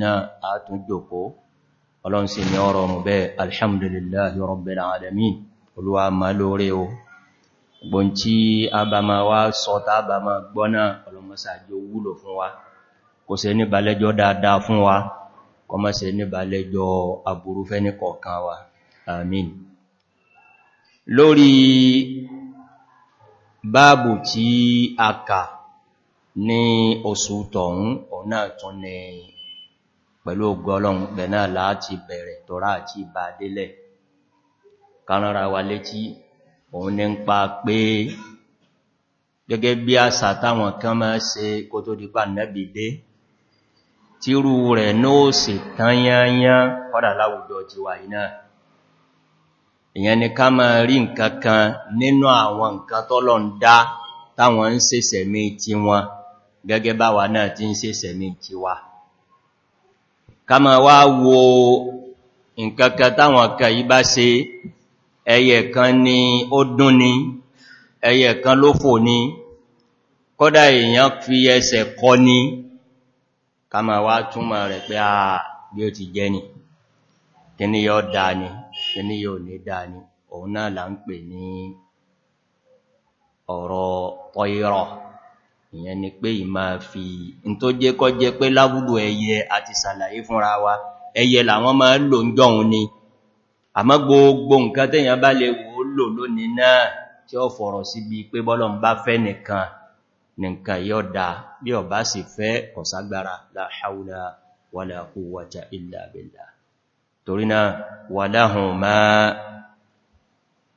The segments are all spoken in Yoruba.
náà a tún jòkó ọlọ́run sí ni ọrọ̀ mú bẹ́ẹ̀ alhamdulillahi rabbil alamin olúwa ma lóore o gbọ́n tí a bá ma wá sọta bá ma gbọ́nà ọlọ́mọsàájò wúlò fún wa kò ṣe ní balẹ́jọ́ dáadáa fún wa kò má ṣe ní balẹ́jọ́ aburú ni pẹ̀lú ogun ọlọ́run bẹ̀ náà láti bẹ̀rẹ̀ tọ́rá àti ìbà délẹ̀ kanára wa létí òun ní ń pa pé gẹ́gẹ́ bí àṣà táwọn kan máa ṣe kó tó dípa nẹ́bì dé tírú rẹ̀ náà sì tányányán kọ́dà láwùjọ tiwa iná ìyẹn ni ká máa tiwa ká ma wo nǹkankan táwọn kan yí bá ẹyẹ kan ni ó dún ni ẹyẹ kan ló ni kọ́dá èèyàn fi ẹsẹ̀ kọ ni ká ma túnmà a bí ó ti ni kíní yóò dáa ni kíní yóò ní ni òun náà là ń pè ní ọ̀rọ̀ ìyẹn ni pé ìmá fi in tó jẹ́ kọ́ jẹ́ pé láwúlò ẹyẹ àti sàlàyé fúnra wa ẹyẹ làwọn máa ń lò ń jọun ni àmọ́ gbogbo nǹkan tẹ́yàn bá lè wò ó lò lónìí náà tí ó fọ̀rọ̀ síbi pé bọ́lọ̀ ń bá fẹ́ nìkan nìkan yóò dá bí ọ bá sì fẹ́ ọ̀ságbára la hawla wala torí náà walahum ma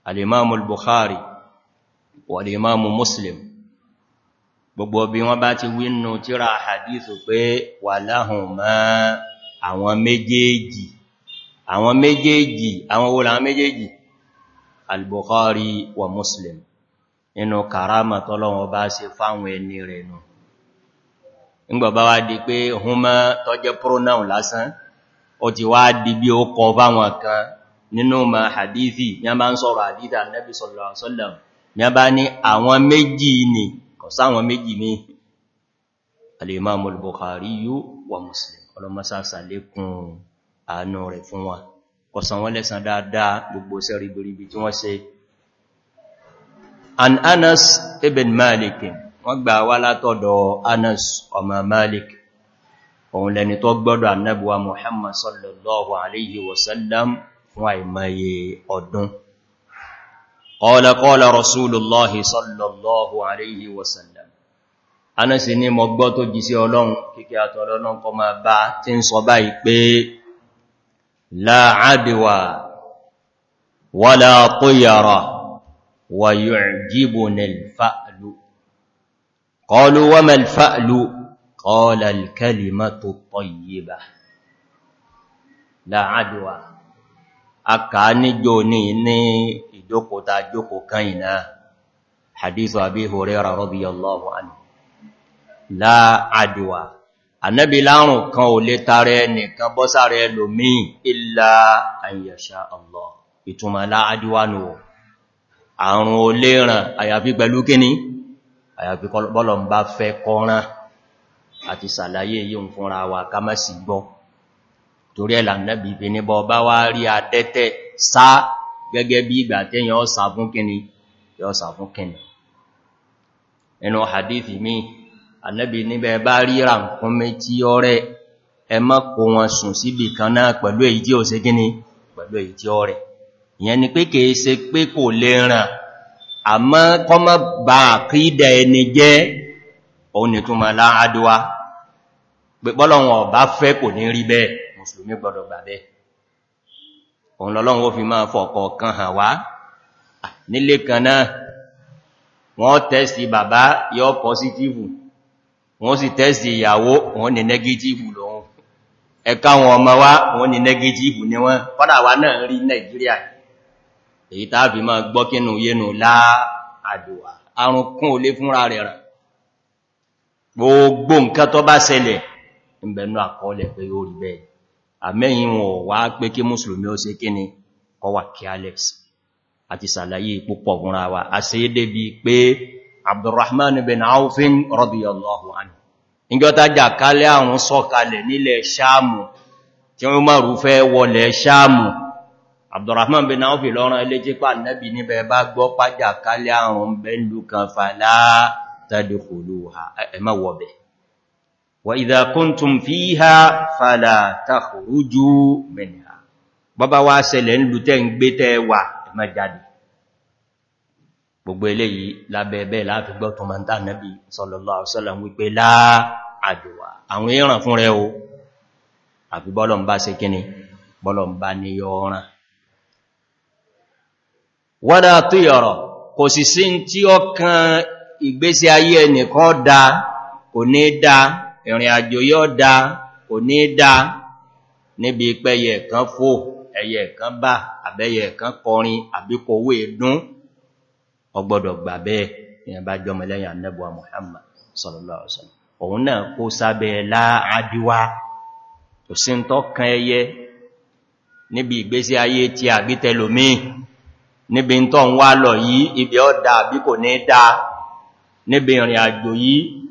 al-imam al-bukhari wal muslim gbogbo bí wọ́n bá ti wínú tíra hadithu pé wà láhùn mọ́ àwọn méjèèjì àwọn méjèèjì àwọn wòlà àwọn méjèèjì al-bukhari wa muslim nínú karama tọ́lọ́wọ́ bá ṣe fáwọn ẹni rẹ̀ nù ńgbàbá wá di pé húnmọ́ tọ́jẹ́ pronoun lásán ó ti wá di bí ó kọ fáwọn kan nínú ma hadithi ní a máa ń sọ̀rọ̀ hadithi annabi sallallahu alaihi ní a bá ní àwọn méjì ni sáwọn méjì ní al-Imam al-Bukhari wa Muslim ọlọ́mọsáàsà lékún àánú rẹ̀ fún wa kọsàn wọ́n lẹ́sàn dáadáa gbogbo sẹ́rí gbogbo tí wọ́n ṣe an Anas ibn Malik wọ́n gbà wá látọ̀dọ̀ Anas ọmọ Malik òun lẹni tó gbọ́dọ̀ annabuwa Muhammad sallallahu alaihi wasallam fún àìmọye ọdún قال قال رسول الله صلى الله عليه وسلم ana sì ní mo gbọ́ tó jí sí ọlọ́run kíkẹ́ àtọ̀lọ́run kọ ma bá tí ń sọ báyìí pé láàádìwà wala tayara wa yu'jibuna al-fa'lu qalu wa ma al-fa'lu qala al-kalimatu at-tayyibah láàádìwà a kà níjò ní ní ìjókòó ta jókòó kan ìná hadithu abi hurairah radiyallahu anhu la adwa annabi larun kan ò lè tare nìkan bọ́ sáré lomi illa an yasha allah ìtumọ̀ la adwa nu àrùn ò lè ràn àyàfi pẹ̀lú kíni àyàfi bọ́lọ̀ ń bá fẹ́ kọ́ràn àti sàlàyé yíò fúnra wa ká má sì gbọ́ torí ẹ̀là nẹ́bí fi ní bọ́ bá wá rí adẹ́tẹ̀ gẹ́gẹ́ bí ìgbà tẹ́yàn ọ́sà fún kíni yọ́sà fún kíni ẹnu hadithi mi annabi níbẹ̀ bá rí ràǹkúnmí tí ó rẹ̀ ẹ má kó wọn sùn síbì kan náà pẹ̀lú èyí tí ó ṣe kíni pẹ̀lú èyí tí ó rẹ̀ ìyẹn ni pé kèé ṣe pé kò lè ràn àmọ́ kọ́mọ́ bá àkídà ẹni jẹ́ òun ni túnmà láàádọ́wà pẹ̀pọ́lọ̀wọ̀n bá fẹ́ kò ní rí bẹ́ẹ̀ mùsùlùmí gbọdọ̀ bẹ́ẹ̀ òun lọ́lọ́run ó fi máa fọ̀kọ̀ kan hàn wá nílé kan náà wọ́n tẹ́sì bàbá yọ pọ́sítífù wọ́n sì tẹ́sì ìyàwó wọ́n ni nẹ́gítífù lòun ẹ̀ka wọn ọmọ wá wọ́n ni nẹ́gítífù ni wọ́n fọ́dà wá náà rí Nàìjíríà èyí tàà fi máa gbọ́kínú yẹnu láà àdùwà àrùn kún olé fúnra rẹ̀ rà gbogbo nǹkan tó bá ṣẹlẹ̀ ìbẹ̀nú àkọọ́lẹ̀ pé yóò rí àmẹ́yìn wọn wá pé kí mùsùlùmí ó ṣe kíni kọwà kí alex àti sàlàyé púpọ̀ gúnra wa a ṣe débi pé abdurrahman bin aufin radiyallahu anhu ingbọ́ta jà kalẹ̀ àwọn sọ́kalẹ̀ nílẹ̀ sáàmù tí wọ́n máa rúfẹ́ wọlẹ̀ sáàmù abdurrahman bin aufin lọ́rán ilé jípa nẹ́bì níbẹ̀ bá gbọ́ pàjà kalẹ̀ àwọn bẹ́ndù kan fàlá tadkhuluha ẹ̀mẹ́wọ̀bẹ̀ وإذا كنتم فيها فلا تخرجوا منها. bọ́bá wá sẹlẹ̀ ń lù tẹ́ ń gbé tẹ́ wà ẹ̀mọ́ jáde gbogbo eléyìí lábẹ́ẹ̀bẹ́ láti gbọ́ tó máa ń dáa nẹ́bí sọlọ́lọ́ àwọsọ́lọ́ wípé láà àdùwà àwọn ìràn fún rẹ o àfi bọ́lọ̀n bá se kíni bọ́lọ̀n bá ní yọ́ọ̀rán wọ́dá tó yọ̀rọ̀ kò sì sí tí ọkàn ìgbésí ayé ẹnìkan dá kò ní dáa ìrìn àjò yóò dá kò ní dá níbi pẹ́yẹ kan fò ẹyẹ kan bá àbẹ́yẹ kan kọrin àbíkò owó ìdún e ọgbọ́dọ̀ gbà bẹ́ẹ̀ ìyàn bá jọmọ lẹ́yìn annabuwa Muhammad sallallahu alaihi wasallam òun náà kó sábẹ́ láàádíwá kò sí ń tọ́kan ẹyẹ níbi ìgbésí ayé tí àgbítẹlòmí níbi ń tọ́ ń wá lọ yìí ibi ọ́ dá àbí kò ní dá níbi ìrìn àjò yìí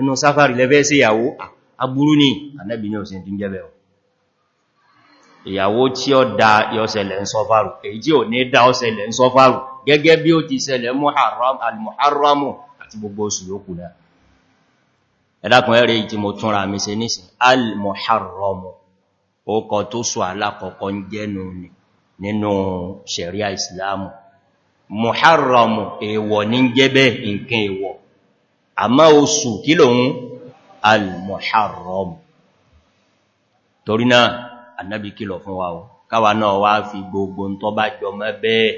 inú sáfàrí lẹ́fẹ́ sí ìyàwó agbúrú ní ànábì ní òsìn tí ń jẹ́bẹ̀ ọ̀ ìyàwó tí ó dá yọ́sẹ̀lẹ̀ ń sọfàrù èyí tí ò ní dá ọsẹ̀lẹ̀ ń sọfàrù gẹ́gẹ́ bí ó ti ṣẹlẹ̀ al-muharramu àti mo túnra mi ṣe nísìn al-muharramu ó kọ tó sọ alákọ̀ọ́kọ́ ń jẹ́nu nǹkan èèwọ̀ àmá oṣù kí lòun al-muharram torí náà annabi kìlọ̀ fún wa o káwa náà wá fi gbogbo ń tọ́ bá jọ mọ́ bẹ́ẹ̀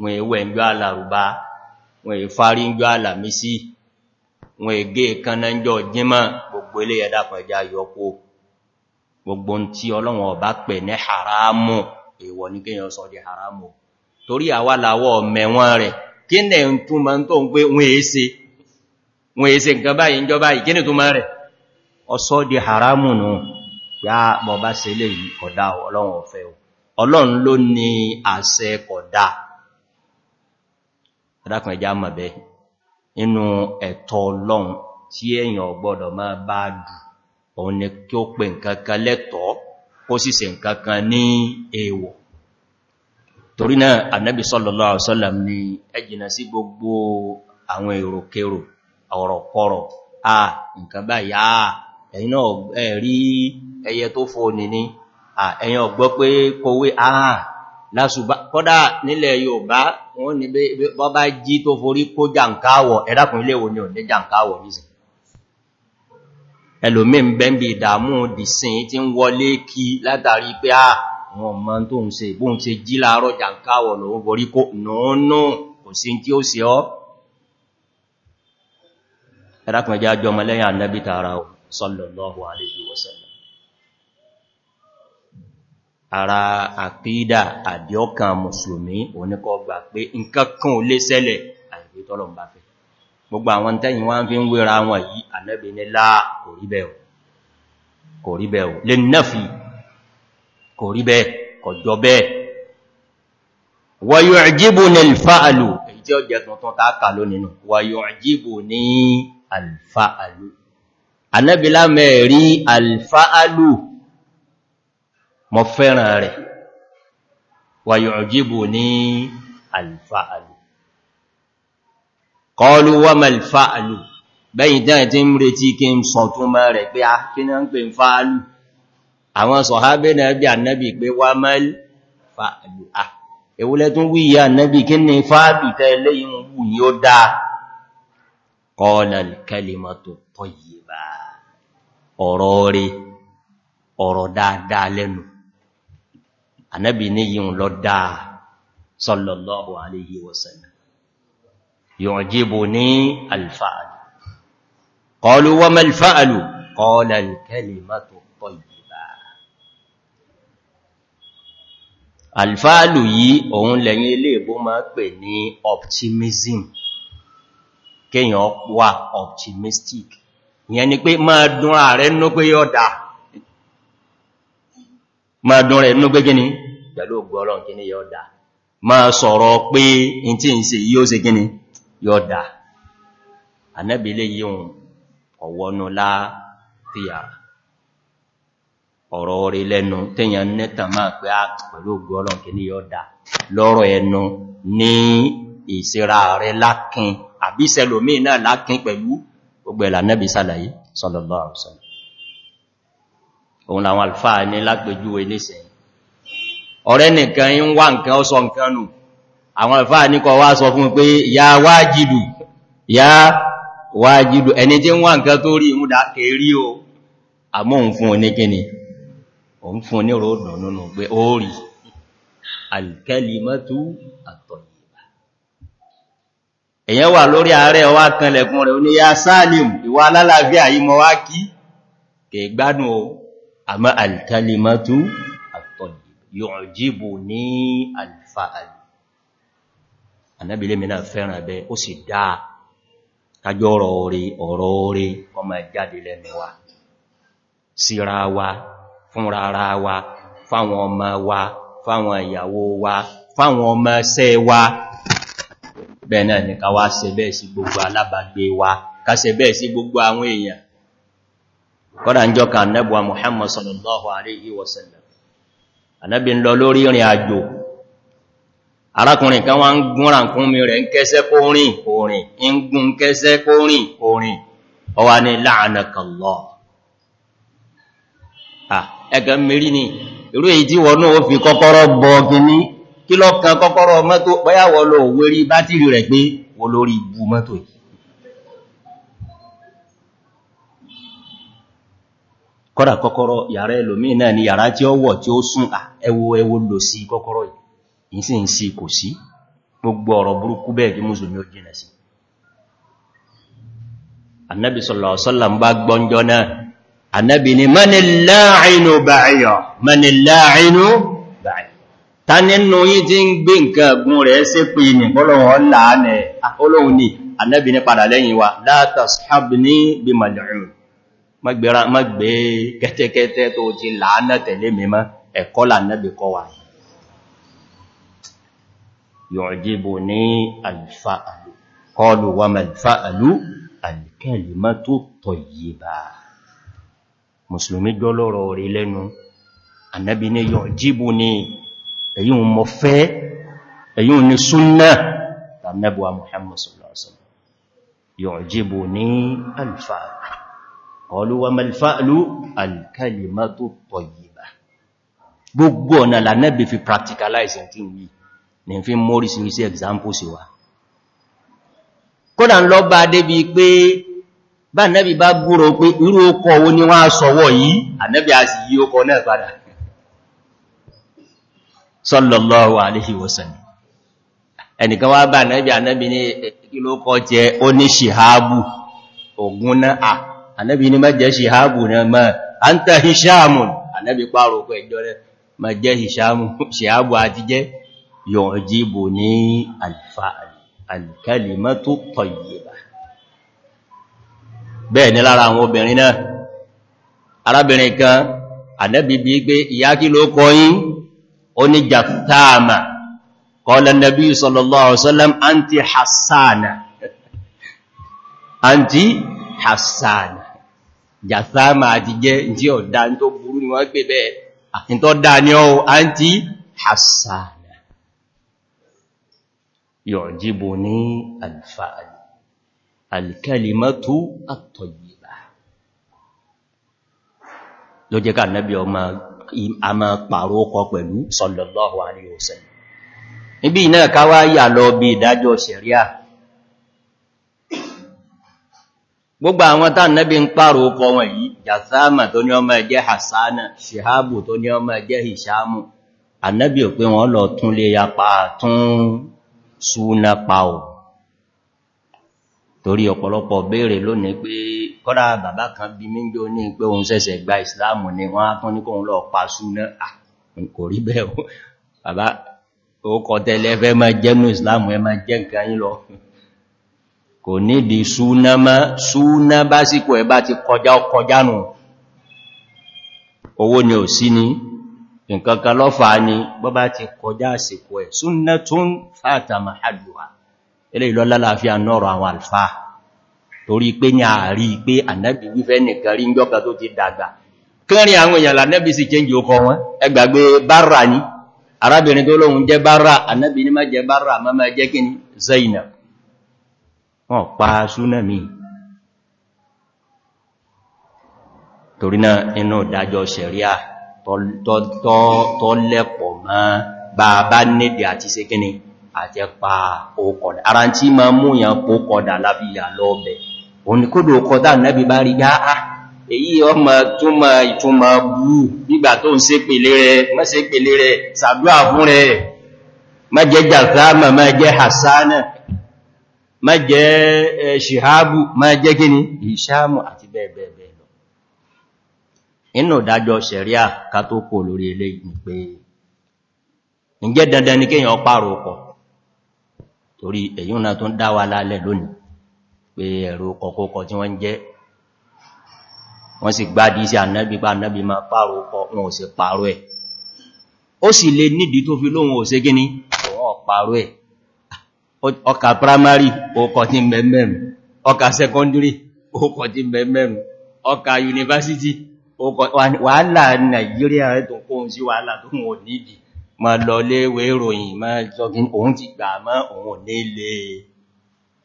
wọn èwẹ̀ ń jọ alàrùbá wọn èfárí ń jọ alàmísí wọn ègé kaná ń gbogbo ilé ẹ̀dà gbogbo tí ọlọ́wọ̀n ọba ní haramu sọ di haramu torí àwálàwọ̀ mẹ́wọ́n rẹ̀ kí ń tó ń pé wọ́n wọn èsè nǹkan báyìí ń jọba ìkíni tó máa rẹ̀ di haramu nù ya bọ̀bá se lè yí kọ̀dá ọlọ́run ọ̀fẹ́ ọlọ́run ló ní àṣẹ kọ̀dá ẹ̀dàkùn ọlọ́run tí èyàn bá ni kí pè torí náà annabi sallallahu gbogbo àwọn ọ̀rọ̀kọ̀rọ̀ à nǹkan báyìí à ẹ̀yin náà ẹ̀rí ẹyẹ tó fò ní ní ẹ̀yin ọ̀gbọ́ pé kòwé à lásùbá kọ́dá nílẹ̀ Yorùbá wọ́n ní bọ́ bá jí tó forí kó jàǹkáwọ̀ ẹ̀dàkùn ni ò ní jàǹkáwọ̀ nísìn ẹlòmí ń bẹ́ ń bí ìdàmú dìsìn tí ń wọlé kí látàrí pé à wọn ma tó ń ṣe ìbóhun ẹ̀rákùn ẹjá jọ mọ́lẹ́yìn annabi tààrà ọ̀ sallallahu alayhi wa sallam ara àkídà àdíọ́kàn mùsùlùmí oníkọ́ gbà pé nǹkan kan ò lè ṣẹlẹ̀ àìgbé tọ́lọ̀ bá fẹ́ gbogbo àwọn tẹ́yìn wá ń fi ń wéra wọn alfa'alu anábìlá mẹ́rí alfa'alu mọ́ fẹ́ràn rẹ̀ wà yu'jibu ní alfa'alu qalu wa mal fa'alu bẹ́yìn dáyẹ̀ tí ń retí kí ń sọ tún mọ́ rẹ̀ pé a ah, kí ní ń pè ń fa'alu àwọn sọ̀hábẹ́ náà bí annabi pé annabi ah, kí ní fa'alu tẹ́lẹ́yìn qala al-kalimatu at-tayyiba ọ̀rọ̀ rí ọ̀rọ̀ dáadáa lẹ́nu ànábì ní yíò lọ dáa sallallahu alayhi wa sallam yu'jibuni al-fa'l qalu wa ma al-fa'l qala al-kalimatu yìí òun lẹ́yìn optimism kéèyàn wà optimistic ìyẹn ni pé máa dún ààrẹ nínú pé yóò dá máa dún rẹ̀ nínú pé gíní pẹ̀lú ògbò ọlọ́run kíní yóò dá máa sọ̀rọ̀ pé in tí ń ṣe yóò ṣe gíní yóò ọ̀wọ́nú ọ̀rọ̀ orí lẹ́nu tẹ́yàn nẹ́ta máa pé á ah, pẹ̀lú àbí sẹlòmí náà lákín pẹ̀lú gbogbo ẹ̀là nẹ́bí sàlàyé sallallahu alaihi wasallam òun làwọn alfáà ní lápẹjú eléṣẹ́ ọ̀rẹ́ nìkan ń wá nǹkan ó sọ nǹkan nù àwọn alfáà ní kọ wá sọ fún pé ya wájìdù ya wájìdù ẹni tí ń wá nǹkan tó rí ìmúdà kèrí o àmọ́ òun fún oní kíni òun fún oní ròdùn nínú pé ó rí èyàn wà lórí ààrẹ ọwá kanlẹ̀kùn rẹ̀ oníyà sáàlìm ìwà alálàáfíà yí mọ́ wá kí kèé gbádùn o àmọ́ alkalimatu àtọ̀lì yu'jibu ní alfa'àlì anábìlẹ̀ mìíràn fẹ́ràn abẹ́ ó sì dáa kájọ́ ọ̀rọ̀ orí ọ̀rọ̀ orí bẹ́ẹ̀ náà ni ká wá ṣe bẹ́ẹ̀ gbogbo alábàgbé wa ká ṣe gbogbo àwọn èèyàn kọ́dà ń ka nẹ́bùwa Muhammad sallallahu alaihi wasallam anábi ń lọ lórí ìrìn àjò arákùnrin kan wá ń gúnra kúnmi rẹ̀ ń kẹsẹ́ kó rìn kó ń gún kẹsẹ́ kó rìn ọwá ní kí lọ kan kọ́kọ́rọ́ mọ́tò bọ́yàwó lọ wérí bátìrì rẹ̀ pé wò lórí ibu mọ́tò yìí kọ́dà kọ́kọ́rọ́ yàrá ẹlòmí náà ni yàrá tí ó wọ̀ tí ó sún ẹwọ ẹwọ lò sí kọ́kọ́rọ́ yìí sí ń sí kò sí ni manil la'inu ba'iya manil la'inu ta nínú yí tí ń gbé nǹkan ẹ̀gùn rẹ̀ sí pé ní bọ́lọ̀wọ̀n ọ̀lá nẹ̀ olóhun ni annabi ní padà lẹ́yìn wa la tashabni bí mal'un magbe kẹ́tẹ́kẹ́tẹ́ tó ti láánà tẹ̀lé mímọ́ ẹ̀kọ́ lànàbì kọ́ wa yu'jibuni al-fa'lu qalu ní yu'jibuni èyí wọn mọ̀ fẹ́ èyí wọn ni súnnà tàbí Muhammad sallallahu alaihi wasallam yu'jibuni al-fa'l qalu wa mal fa'lu al-kalimatu at-tayyibah gbogbo ọ̀nà lànẹ́bì fi practicalize tí wí ní fi mórí sí iṣẹ́ example sí wa kódà ń lọ bá yìí sallallahu alaihi wasallam ẹnìkan wá bá ànábì ànábì ní ìlókọ jẹ ó ní ṣìháàbù ogun náà ànábì ní mẹ́jẹ ṣìháàbù náà mọ́ àntà hìṣàmù ànábì pààrọ̀ ọkọ̀ ẹjọ́ rẹ̀ mẹ́jẹ ṣìháàbù àti jẹ́ yọ̀ọ̀jíbù ní alkalimatu tayyiba bẹ́ẹ̀ ni lára àwọn obìnrin náà arábìnrin kan ànábì bí pé ìyá kí ló oní jàtàmà kọ́lá nàbí sallallahu alaihi wasallam anti hassana anti hassana jàtàmà àti jẹ́ tí ó dá tó burú ni wọ́n gbé bẹ́ẹ̀ àti tó dá ní ọ́ anti hassana yu'jibuni al-fa'l al-kalimatu at ló jẹ́ ká nàbí ọmọ àmà pàrọ ọkọ̀ pẹ̀lú sallallahu alaihi wasallam níbi iná káwá yà lọ bí ìdájọ́ ṣẹ̀ríà gbogbo àwọn tá nẹ́bí ń pàrọ ọkọ̀ wọn yìí jàsáàmà tó ní ọmọ ẹjẹ́ hasana shihabu tó ní ọmọ ẹjẹ́ hishamu ànẹ́bí ò pé wọ́n lọ tún lè yapa tún súnà pa torí ọ̀pọ̀lọpọ̀ béèrè lónìí pé kọ́dá bàbá kan bí méjì ní pé òun ṣẹ̀ṣẹ̀ gba ìsìláàmù ni wọ́n á tún ní kóhun lọ pa súná kò rí bẹ́ẹ̀ o bàbá ó kọ tẹ́lẹ̀ fẹ́ má jẹ́nu ìsìláàmù ẹ má jẹ́ nǹkan yí lọ kò nídi súná má súná bá síkò ẹ bá ti kọjá kọjá nù owó ni ò sí ni nǹkan kan lọ́fà ni bọ́ bá ti kọjá àsìkò ẹ̀ súná tún fàtàmà àdùwà ilé ìlọ́lálàáfíà nọ́rọ̀ àwọn alfa torí pé ní ààrí pé ànábì wífẹ́ nìkan rí njọ́ka tó ti dàgbà kẹrin àwọn èèyàn lànẹ́bì sì kéǹjì ó kọ wọn ẹgbàgbé bára ní arábìnrin tó lóhun jẹ́ bára ànábì ní má jẹ́ bára má má jẹ́ kí ní zainab wọ́n pa súnámì torí náà inú ìdájọ́ sẹ̀ríà tọ́lẹ́pọ̀ mọ́ bàbá nídìí àti kíni àtẹ́pa òkọ̀dà ara tí ma mú yàn pókọ̀dà lábí yà lọ́ọ̀bẹ̀ òun ni kódò kọ́dà nẹ́bí bá rí gáà ah, ah, èyí ọmọ tó ma ìtúnmà bú nígbà tó ń sé pèlé rẹ̀ mọ́sé pèlé rẹ̀ sàdúà fún rẹ̀ mẹ́jẹ́ jàzámà mẹ́jẹ́ hasana mẹ́jẹ́ ṣìhábù mẹ́jẹ́ gíní ìṣàmù àti ọkọ̀ torí èyí náà tó ń dá wa lálẹ́ lónìí pé ẹ̀rọ kọkọ́kọ́ tí wọ́n jẹ́ wọ́n sì gbá dí sí ànábì pa ànábì ma pààrọ̀ ọkọ̀ wọn ò sì pààrọ̀ ẹ̀ ó sì lè nídi tó fi lóhun ò sí gíní ọkà primary ọkọ̀ tí university wàhálà Nàìjíríà rẹ̀ tó kóhun sí wàhálà tó hùn ma lọ léwé ìròyìn ma jọgin òun ti gbà mọ́ òun ní lè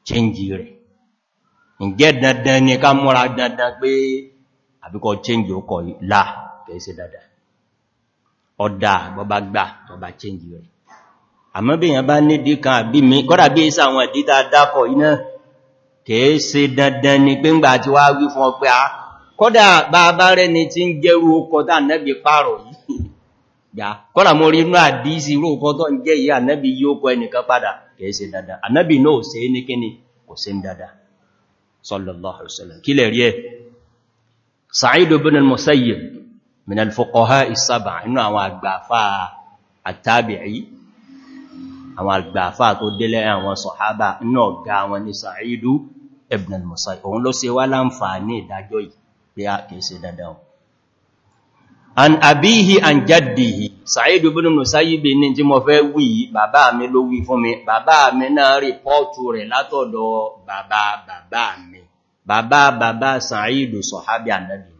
change rẹ̀ ǹjẹ́ dandan ni ká múra dandan pé àbíkọ change ó kọ̀ là kẹ́ẹ̀ṣẹ́ dada ọ̀dà bọba gbà bọba change rẹ̀ àmọ́ bí èyàn bá nídí kan àbí mi kọ́dà bí ìsà àwọn ìdí dáadákọ̀ iná kẹ́ẹ̀ṣẹ́ dandan ni pé ńgbà tí wá wí fún ọ ah, gbá kọ́lá mọ́ rí inú àdísí róòkọ́ tó ń jẹ́ ìyá ànábì yóò kọ ẹnìkan padà kìí ṣe dada ànábì náà ṣe ní kíni kò ṣe ń dada sallallahu alaihi wasallam kí lè rí ẹ Sa'id ibn al-Musayyib min al-fuqaha as-sab'a inú àwọn àgbàfà at-tabi'i àwọn àgbàfà tó délé an abihi an jaddihi Sa'id ibn Musayyib ní tí mo fẹ́ wí bàbá mi ló wí fún mi bàbá mi náà rìpọ́ọ̀tù rẹ̀ látọ̀dọ̀ bàbá bàbá mi bàbá bàbá Sa'id sọ̀hábí Ànábì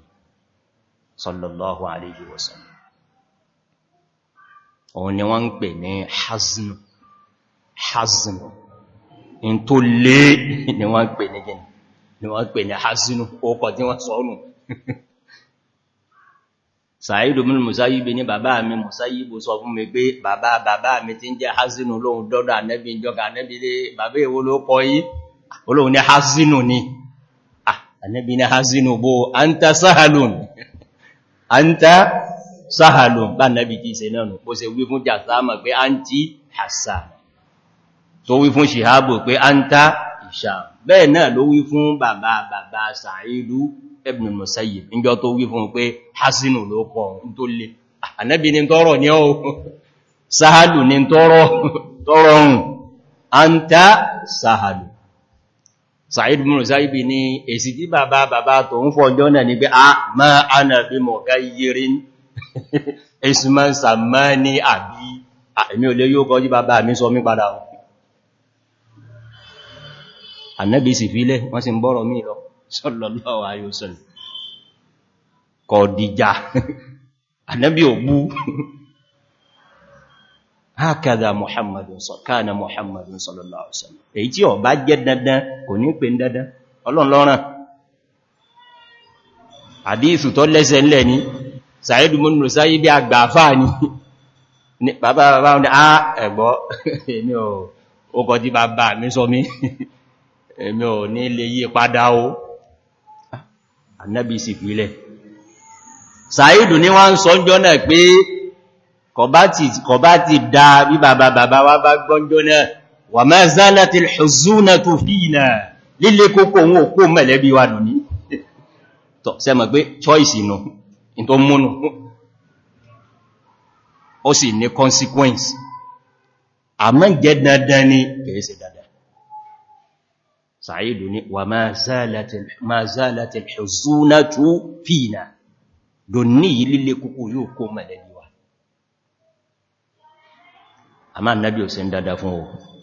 sallallahu alayhi wa sallam òun ni wọ́n ń pè ní haznu haznu in tó lé ni wọ́n ń pè ní ni wọ́n ń pè ní haznu ó kọ̀ tí wọ́n sọ́nù sàídù mínú musayibi ní bàbá mi musayibu sọ fún mi pé bàbá bàbá mi ti ń jẹ́ hasinu lóhun dọ́dọ̀ anẹ́bí ìjọka anẹ́bí lé bàbá èwo ló kọ́ yí olóhun ní hasinu ni anẹ́bí ní hasinu bó anta sahalun anta sahalun bá anẹ́bí ti se náà ó se wí fún jàtàmà pé anti hassan tó wí fún shihabu pé anta isha bẹ́ẹ̀ náà ló wí fún bàbá bàbá sàídù ibn Musayyib níjọ́ tó wí fún pé hasinu ló kọ ohun tó lè ah, ànábì ní tọ́rọ̀ ní ọ́ sahalu ní tọ́rọ̀ ohun anta sahalu Sa'id ibn Musayyib ní èsì tí bàbá bàbá tó ń fọ́jọ́ náà ní pé a ah, ma ana bi mughayyirin isman samani àbí ah, èmi ò lè yóò kọjú wọ́n sì ń bọ́rọ̀ mí lọ sallallahu alayhi wa sallam kò dìjà ànábì òbú hákàdà muhammadun kana muhammadun sallallahu alaihi wasallam. sallam èyí tí ó bá jẹ́ dandan kò ní pè dandan ọlọ́nlọ́ràn àdíìsù tó lẹ́sẹ̀ ńlẹ̀ ni sàídù múnú sáyé bí àgbàfà ni bàbá bàbá ní à ẹ̀gbọ́ èmi ò ó kọ́ tí bàbá mi sọ mi èmi ò ní lè yí padà o annabi sì fílẹ̀ sàídù ní wọ́n ń sọ jọ́ náà pé kọba ti dá bí bàbá bàbá wá bá gbọ́njọ́ náà wà máa zánà ti ṣùzúnà tó fíìnà lílé kókò wọn òkú mẹ́lẹ́bí wà nù ní sẹ́mọ̀ pé choice nù in tó múnù ó sì ní consequence àmọ́ jẹ́ dandan ni kìí ṣe sàídù ní wà máa zálàtì ṣùzúnà tó fìnà dòní yìí lílé kúkú yóò kó mẹ́lẹ̀lẹ́wà a máa nábi ò sí ń dada fún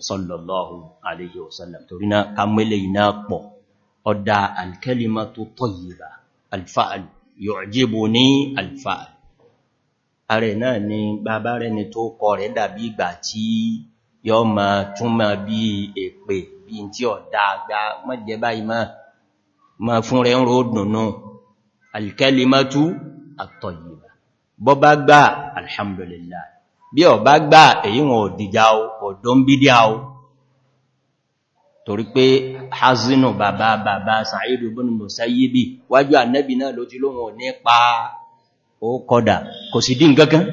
sallallahu alayhi wa sallam torí na kamẹ́lẹ̀ iná pọ̀ ọdá alkalimatu tó kọ rẹ̀ dàbí yọ ma túnmà bí èpè bí tí ọ̀ dáadáa mọ́jẹ báyìí máa ma fún rẹ̀ ń ro dùnnú alkalimatu at-tayyiba bọ́ bá gbà alhamdulillah bí ọ bá gbà èyí wọn ò dìjà o ọ̀dọ́ ń bí díà o torí pé hazinu bàbá bàbá Sa'idu ibn Musayyibi wájú annabi náà ló ti lóhun ní pa ó kọ́dà kò sì dín kankan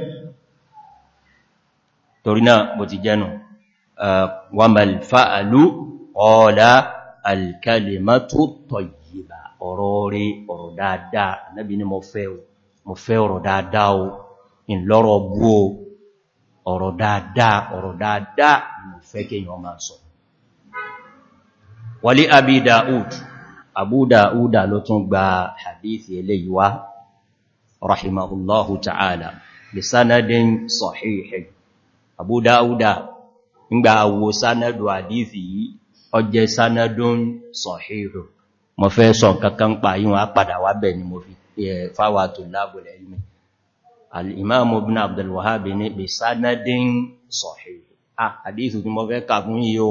torí náà bó ti jẹ́nu wàmàl fa'alú ọ̀lá alkalimatu tọ̀yìbà ọ̀rọ̀ rí ọ̀rọ̀ dáadáa anábi ni mo fẹ́ ọ̀rọ̀ dáadáa o in lọ́rọ̀ bú o ọ̀rọ̀ dáadáa ọ̀rọ̀ dáadáa mo fẹ́ kéyàn máa sọ wàlí abi da'ud abu da'ud ló tún gba hadithi eléyìí rahimahullahu ta'ala bisanadin sahihin abu da'uda ńgbà wo sánàdù àdífì yìí ọjẹ́ sánàdùn sọ̀hírò mọ̀ fẹ́ sọ kankan pa yíò a padà wá bẹ̀ ni mo fi fáwà tó lábùlẹ̀ ilmi al'imamu ibn abdulwahab ni bi sanadin sọ̀hírò ah àdífì tí mo fẹ́ kà fún yíò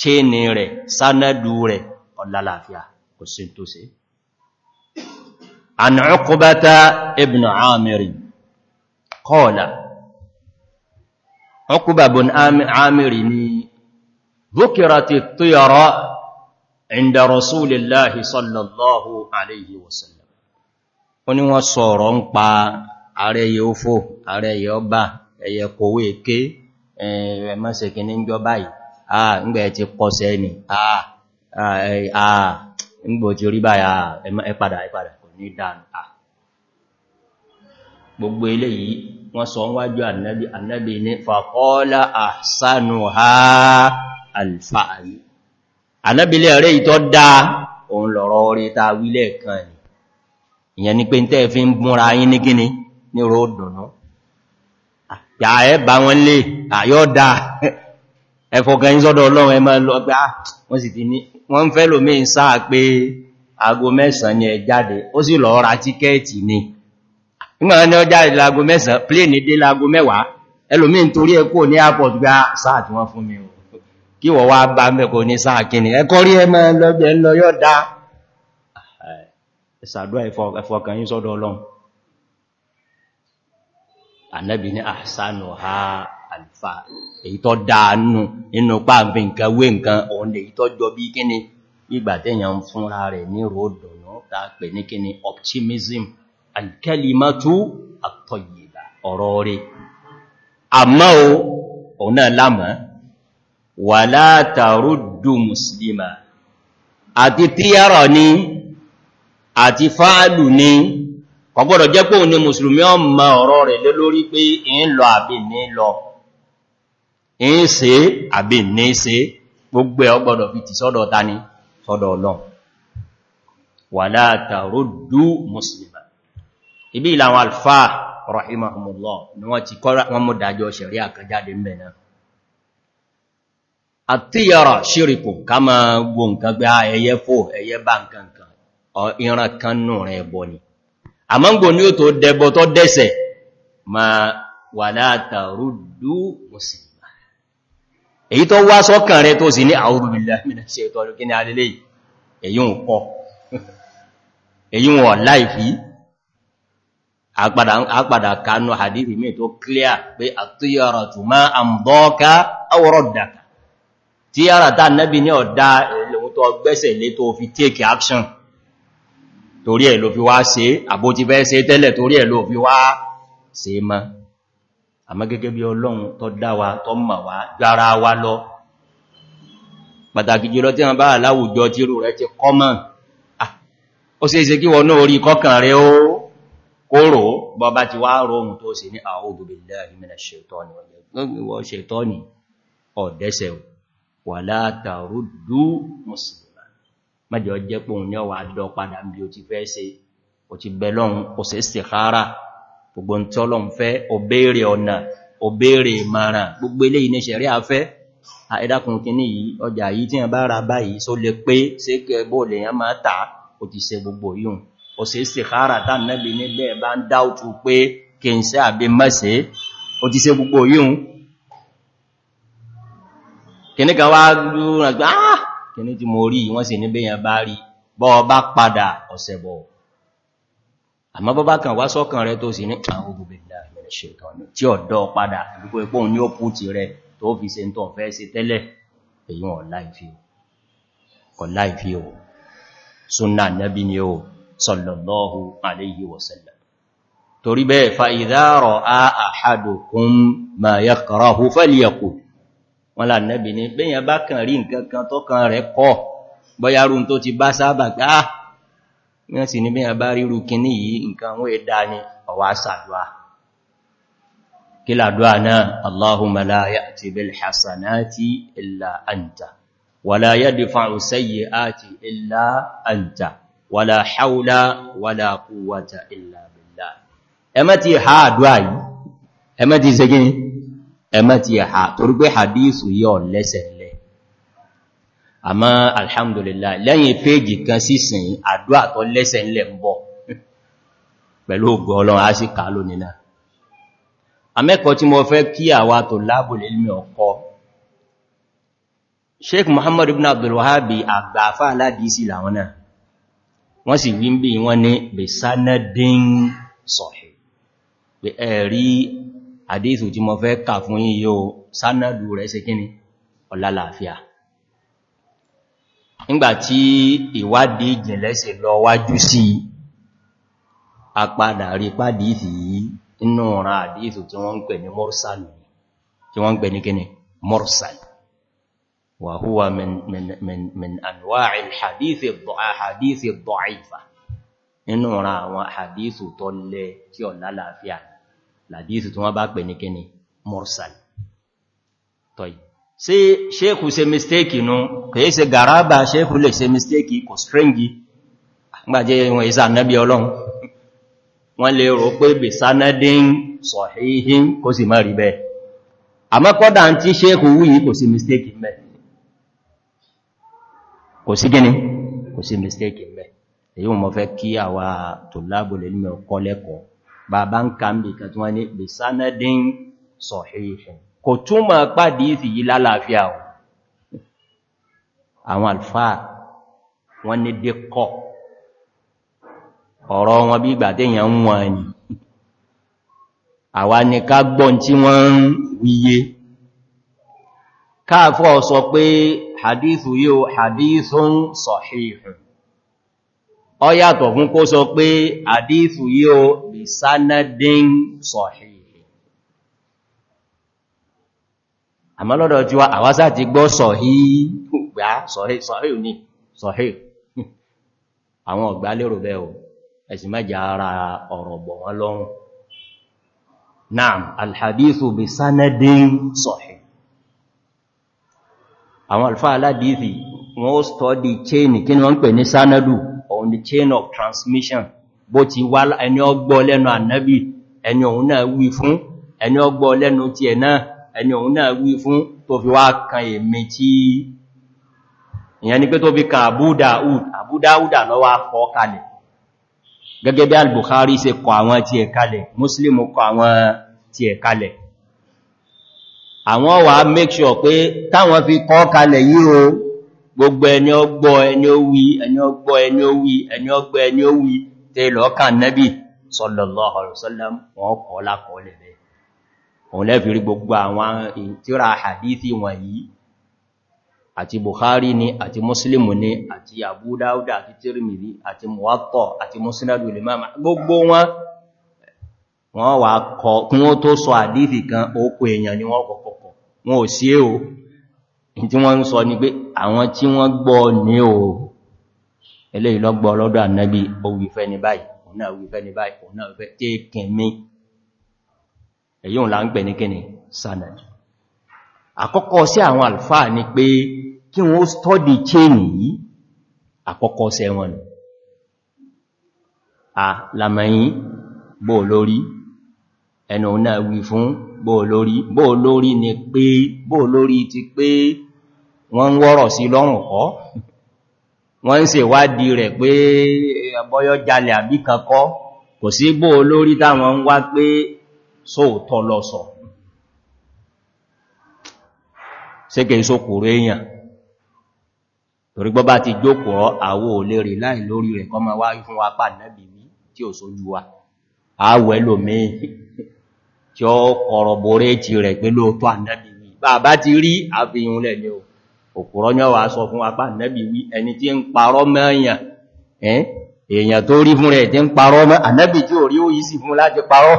chéni rẹ̀ sánàdù rẹ̀ ọlálàáfíà kò sí tó sí an Uqbata ibn Amir qala عقبة بن عامر ذكرت الطيرة عند رسول الله alaihi الله عليه وسلم sọ̀rọ̀ ń pa ààrẹ yóò fò ààrẹ yóò bá ẹ̀yẹ kòwé ké ẹ̀mọ́sẹ̀kì ní jọ báyìí àà ti pọ̀sẹ̀ ni àà ǹgbò ti rí báyìí ẹ̀padà ẹ̀padà kò ní dáa wọ́n sọ wájú annabi annabi ní faqala ahsanuha alfa'al annabi lè rẹ̀ ìtọ́ dá òun lọ̀rọ̀ orí ta wílẹ̀ kan ni ìyẹn ni pé tẹ́ fi ń búnra yín ní gíní ní ròdùnú yà ẹ́ bá wọn lè àyọ́ dá ẹfọ̀kan yí sọ́dọ̀ ọlọ́run ẹ máa lọ pé ah, nígbà ní ọjá ìlàgò mẹ́sàn pléènì dé lágò mẹ́wàá ẹlòmí ń torí ẹkọ́ ní airport gba ah, sáà tí wọ́n fún mi o kí wọ́n wá bá mẹ́kọ̀ ní sáà kìíní ẹkọ́ rí ẹmọ lọ́gbẹ̀ ń lọ yọ́ dá ṣàdúrà ìfọkàn yín sọ́dọ̀ Ọlọ́run Ànábì ní ahsanu ha alfa èyí tó dáánú nínú pàbí nǹkan wé nǹkan òun lè tó jọ bí kíní ìgbà tẹ́yàn fúnra rẹ̀ ní ròdùnú tá pè ní kíní optimism alkalimatu àtọ̀yìnbà ọ̀rọ̀ rẹ̀ àmá o ọ̀nà lámà wà látàrúdù muslima àti tíyàrọ̀ ni àti fáàlù ni kọgbọ́dọ̀ jẹ́ pé ní musulmi ọmọ ọ̀rọ̀ rẹ̀ lé lórí pé in lọ àbí ní lọ in ṣe àbí ní ṣe gbogbo ẹ̀ fi ti sọ́dọ̀ ta sọ́dọ̀ ọlọ́run wà látàrúdù muslima ibi ìlàwọn alfa rahimahumullah ni wọ́n ti kọ́rá wọn mú dájọ́ ṣẹ̀rí àkàjáde ń bẹ̀ náà àtíyàrá ṣíríkù ká ma gbò nǹkan gbá ah, ẹyẹ fò ẹyẹ bá nǹkan kan ìran kan nù rẹ̀ ẹbọ ni àmọ́ngbò ní ó tó dẹbọ tó dẹ́sẹ̀ ma wà látàrúdú mùsùlùmá èyí tó wá àpàdà kanú hadithi mi tó clear pé àtúyàrà tó má a ń bọ́ọ́ká àwọ̀rọ̀dà tí yára tá nẹ́bí ní ọ̀dá lòun tó gbẹ́sẹ̀ lé tó fi take action torí ẹ̀ ló fi wá ṣe àbó ti fẹ́ ṣe tẹ́lẹ̀ torí ẹ̀ ló fi wá ṣe mọ́ àmọ́ kóró bọba ti wá róhun tó sì ní a'udhu billahi minash shaitani wọ́n ṣètọ́ni ọ̀dẹ́sẹ̀ wala taruddu mùsùlùmá mẹ́jọ jẹ́ pòun ní ọwà àdọ́ padà bí o ti fẹ́ ṣe o ti bẹ̀lọ́un o sì istikhara gbogbo ń tọ́lọ́n fẹ́ obéèrè ọ̀nà obéèrè ìmọ̀ràn gbogbo eléyìí ti ṣe gbogbo yìí ọ̀sẹ̀ istikhara tá nẹ́bì ní bẹ́ẹ̀ bá ń dáútù pé kí n ṣe àbí mẹ́sẹ̀ ó ti ṣe gbogbo yíhun kìníkà wá lúrùn àgbà ah! kìní tí mo rí wọ́n sì ní bẹ́yàn bá rí bọ́ bá padà ọ̀sẹ̀ bọ̀ àmọ́ bọ́ bá kàn wá sọ́kàn rẹ tó sì ní àwọn ògùnbẹ̀dà ó sallallahu alayhi wa sallam torí bẹ́ẹ̀ fa ìdárọ̀ a àhàdùkún ma yà kọ̀rọ̀hù fẹ́lẹ̀kù wọ́n là nẹ́bì ní bẹ́yàn bá kàn rí nǹkankan tó kan rẹ̀ kọ́ bọ́yárún tó ti bá sábà gbá ah! wọ́n sì ní bẹ́yàn bá ríru kìíní yìí nǹkan wàlá haúlá wàlá kúwàta illa billah ẹmẹ́ ti ha àdúrà yìí ẹmẹ́ ti ṣegí ẹmẹ́ ti ha torí pé hadithu yọ lẹ́sẹ̀lẹ̀ àmá alhamdulillah lẹ́yìn péjì kan sísìn àdúrà tó lẹ́sẹ̀lẹ̀ ń bọ̀ pẹ̀lú ògbọ́ ọlọ́run á sì kàálò nínà amẹ́kọ̀ọ́ tí mo fẹ́ kí àwa tó lábùl ilmi ọkọ̀ sheikh muhammad ibn abdul wahhab àgbà àfáà aládìísí làwọn náà wọ́n sì yí ń bí wọ́n ní bisanadin sahih pé ẹ̀rí àdíìsù tí mo fẹ́ kà fún yíyó sánàdù rẹ̀ sí kíni ọlálàáfíà nígbàtí ìwádìí ìjìnlẹ̀ sì lọ wájú sí apadà rí pàdíìsì yìí inú ọ̀ràn àdíìsù tí wọ́n ń pè ní mọ́rùsàlù وهو من من من من انواع الحديث الاحاديث الضعيفه nínú ra àwọn àdísù tó lẹ tí ó lálàáfíà làdísù tí wọ́n bá pè ní kíni mursal tọ́yì sí ṣékù ṣe mistéèkì nú kìí ṣe gàrábà ṣékù lè ṣe mistéèkì kò stringi gbàjẹ́ ìwọ̀n ìsà nẹ́bí ọlọ́run wọ́n lè rò pé bè sanadin sahihin kò sì má rí bẹ́ẹ̀ àmọ́ kódà tí ṣékù wúyí kò sí mistéèkì mẹ́rin kò sí gíní kò sí mistake mẹ́ èyí wọ́n mọ́ fẹ́ kí àwà tó lábò lè nímẹ̀ ọkọ́ lẹ́kọ̀ọ́ bàbá ń ka ń bí kan tí wọ́n ní bisanadin bí ìgbà téèyàn ń káàfọ́ sọ pé hadithu yíò hadithun sahihun ọ yàtọ̀ fún kó sọ pé hadithu yíò bí sanadin sahihun àmọ́ lọ́dọ̀ tí wá àwásá ti gbọ́ sahihu gbá sahihu ní sahihu àwọn ọ̀gbá lérò bẹ́ o ẹ̀sì má ara ọ̀rọ̀ bọ̀ wọn lọ́rùn naam alhadithu bí sanadin sahihun àwọn alfa aládìífì wọ́n ó stọ́dì chain kí ni wọ́n pè ní sanadu òun ni chain of transmission bó ti wá ẹni ọgbọ́ lẹ́nu ànábì ẹni òun náà wí fún ẹni ọgbọ́ lẹ́nu ti ẹ̀ náà ẹni òun náà wí fún tó fi wá kan èmì tí ìyẹn ni pé tó fi kan àbúdáúdà lọ́wọ́ al-Bukhari ṣe kọ àwọn ti ẹ̀ kalẹ̀ àwọn wà make sure pé táwọn fi kọ́ kalẹ̀ yí o gbogbo ẹni ọgbọ́ ẹni ó wí ẹni ọgbọ́ ẹni ó wí ẹni ọgbọ́ ẹni ó tẹ lọ́ọ̀kà nẹ́bì sallallahu alaihi wasallam wọn kọ́ lákọọ́lẹ̀ rẹ̀ òun lẹ́fì rí gbogbo àwọn tíra hadithi wọ̀nyí Bukhari ni àti Muslim ni àti Abu Dawud àti Tirmidhi àti Muwatta àti Musnad al-Imam gbogbo wọ́n wà kọ kún ó tó sọ àdífì kan ókò èèyàn ni wọ́n kọ̀kọ̀kọ̀ wọn ò sí èò tí wọ́n ń sọ ní pé àwọn tí wọ́n gbọ́ ní o eléyìí ló gbọ́ lọ́dọ̀ ànábì ó wí fẹ́ ní báyìí òun náà wí fẹ́ ní báyìí òun náà fẹ́ tí kìnmí èyí òun là ń pè ní kíni sanad àkọ́kọ́ sí àwọn àlfáà ni pé kí wọ́n stọ́dì chain yìí àkọ́kọ́ sẹ́wọ̀n à lamẹ́yìn bó lórí ẹnu náà wí fún bóòlórí bóòlórí ni pé bóòlórí ti pé wọ́n ń wọ́rọ̀ sí lọ́rùn kọ́ wọ́n ń ṣe wádìí rẹ̀ pé ọbọ́yọ́ jalẹ̀ àbí kankọ́ kò sí bóòlórí táwọn ń wá pé sóòtọ́ lọ́sọ̀ sékè sókòrò èèyàn torí gbọ́ ti jókòó àwọ olè wa pàdánàbì tí ò tí ó kọ̀rọ̀bọ̀rẹ́ ti rẹ̀ pé lóòtọ́ ànẹ́bì wí bàbá ti rí àfihàn lẹ̀ ni òkúrọ́ ní sọ fún apá ànẹ́bì wí ẹni tí ń parọ́ mẹ́yàn èèyàn tó rí fún rẹ̀ tí ń parọ́ ànẹ́bì tí ò rí ó yí sí fún láti parọ́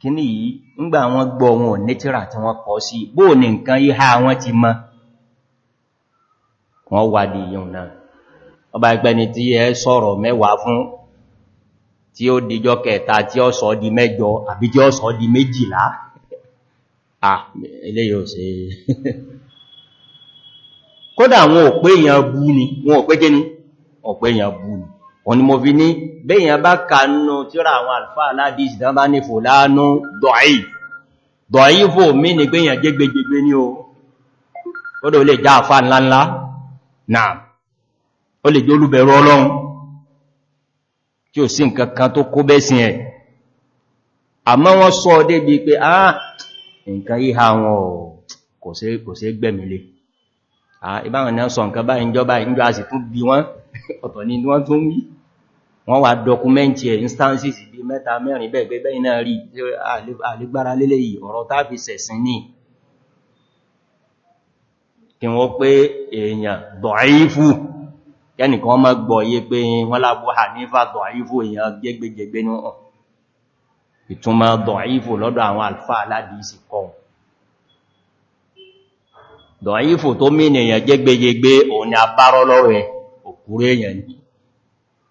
kíní yìí ńgbà wọn gbọ́ wọn ò ní tírà tí wọ́n kọ́ sí bóò ní nǹkan ihá wọn ti mọ́ wọ́n wà di yíò náà ọba ìpẹni tí ẹ sọ̀rọ̀ mẹ́wàá fún tí ó dìjọ kẹta tí ó sọ di mẹ́jọ àbí tí ó sọ di méjìlá kódà wọn ò ni ni bẹ́yàn bá kanú tíra àwọn alfa aládìs dán bá ní fòlánú dọ̀í dọ̀í fò mí ní gbéyàn jẹ́gbẹ́gbẹ́ ní o ó lè já àfá ńláńlá na ó lè jólúbẹ̀rọ ọlọ́run tí ò sí nǹkan tó kó bẹ́sìn ẹ̀ ọ̀tọ̀ ni wọ́n tún wọ́n wà dọkumẹ́ntì ẹ̀ instances ibi mẹ́ta mẹ́rin bẹ́ẹ̀gbẹ́ bẹ́yìn náà rí àlégbára lélẹ̀ yìí ọ̀rọ̀ tá fi sẹ̀sìn ní kí wọ́n pé èèyàn dọ̀ífù yẹ́nìkan má gbọ́yé pé wọ́n lábú Hanifa dọ̀ífù èèyàn gbẹ́gbẹ́gbẹ́ ní ọ̀ ìtumọ̀ dọ̀ífù alfa aládìísì kọ́ dọ̀ífù tó mí èèyàn gbẹ́gbẹ́gbẹ́ òun ni abárọ́ lọ́rọ̀ ẹ̀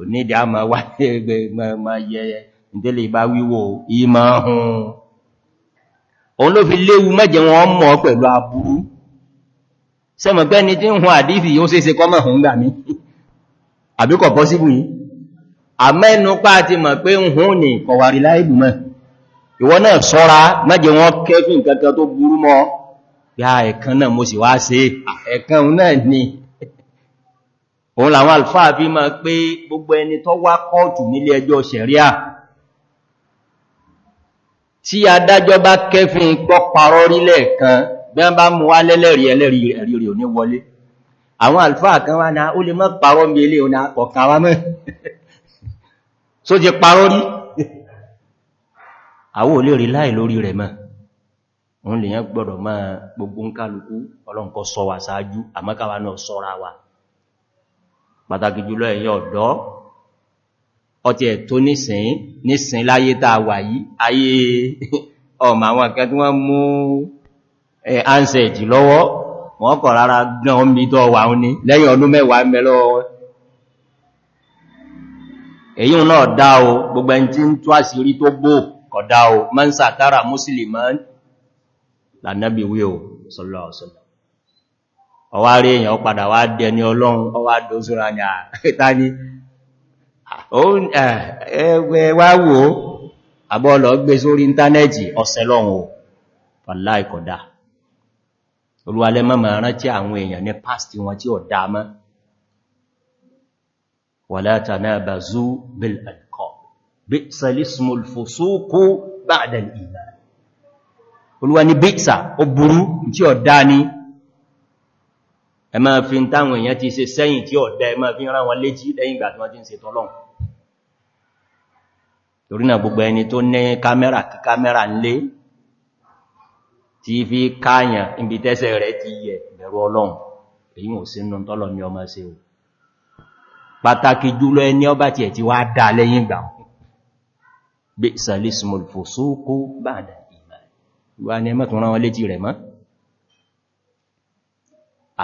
kò ní ìdí àmà wà ẹgbẹ́ ma yẹ ìdílé bá wíwò ìmá hun òun ló fi léwu mẹ́jẹ wọn mọ̀ pẹ̀lú aburú sẹ́mọ̀gbẹ́ ni tí ń hun àdífì yóò ṣe ṣe kọ́mọ̀ hun gbà mí àbíkọ̀ pọ́síbù yìí àmẹ́nupá ti mọ̀ pé ń hun ní kọ̀wàrí láìbù mẹ́ ìwọ náà sọ́ra mẹ́jẹ wọn ni òun làwọn alfáà bí máa pé gbogbo ẹni tó wá kọ́ọ̀tù nílé ẹjọ́ sẹ̀ríà tí adájọ́ bá kẹfin pọ́ parọ́ rílẹ̀ kan bí wọ́n bá mú wá lẹ́lẹ́rìí ẹlẹ́rìí ẹ̀rí rẹ̀ ní wọlé àwọn alfáà kan wá náà ah, ó lè ah, mọ́ parọ́ mi ilé òun ọ̀kan wá mẹ́ só jẹ parọ́ rí àwọ́ ò lè rí pàtàkì jùlọ ẹ̀yin ọ̀dọ́ ọtí ẹ̀tọ́ nísìn nísìn láyé tàà wà yìí ayé ọmọ àwọn akẹ́ tí wọ́n mú ansẹ̀ jì lọ́wọ́ wọ́n kọ̀ rárá gan omi tọ́ wà ń ní lẹ́yìn ọdún mẹ́wàá musliman lànàbí wí o sallallahu alaihi wasallam ọwá rí èyàn padà wá dẹ ní ọlọ́run ọwá dózúra ní àtàní ẹgbẹ́ àbọ́ọ̀lọ́ gbé sórí íntánẹ́ẹ̀tì ọ̀sẹ̀lọ́run ò pàlá ìkọ̀dá olúwalẹ́ mọ́mọ̀ rántí àwọn èèyàn ní pàstí wọn tí ó ma. mọ́ wala na bil alqab ni ẹ máa fi táwọn èèyàn ti ṣe sẹ́yìn tí ọ̀dá ẹ máa fi rán wọn létí lẹ́yìn ìgbà tí wọ́n ti ń ṣe tọ́lọ́run torí náà gbogbo ẹni tó ní kámẹ́rà kí kámẹ́rà ń lé tí fi káàyàn ibi tẹ́sẹ̀ rẹ̀ ti yẹ bẹ̀rù ọlọ́run èyí ò sínú tọ́lọ̀ ní ọmọ sí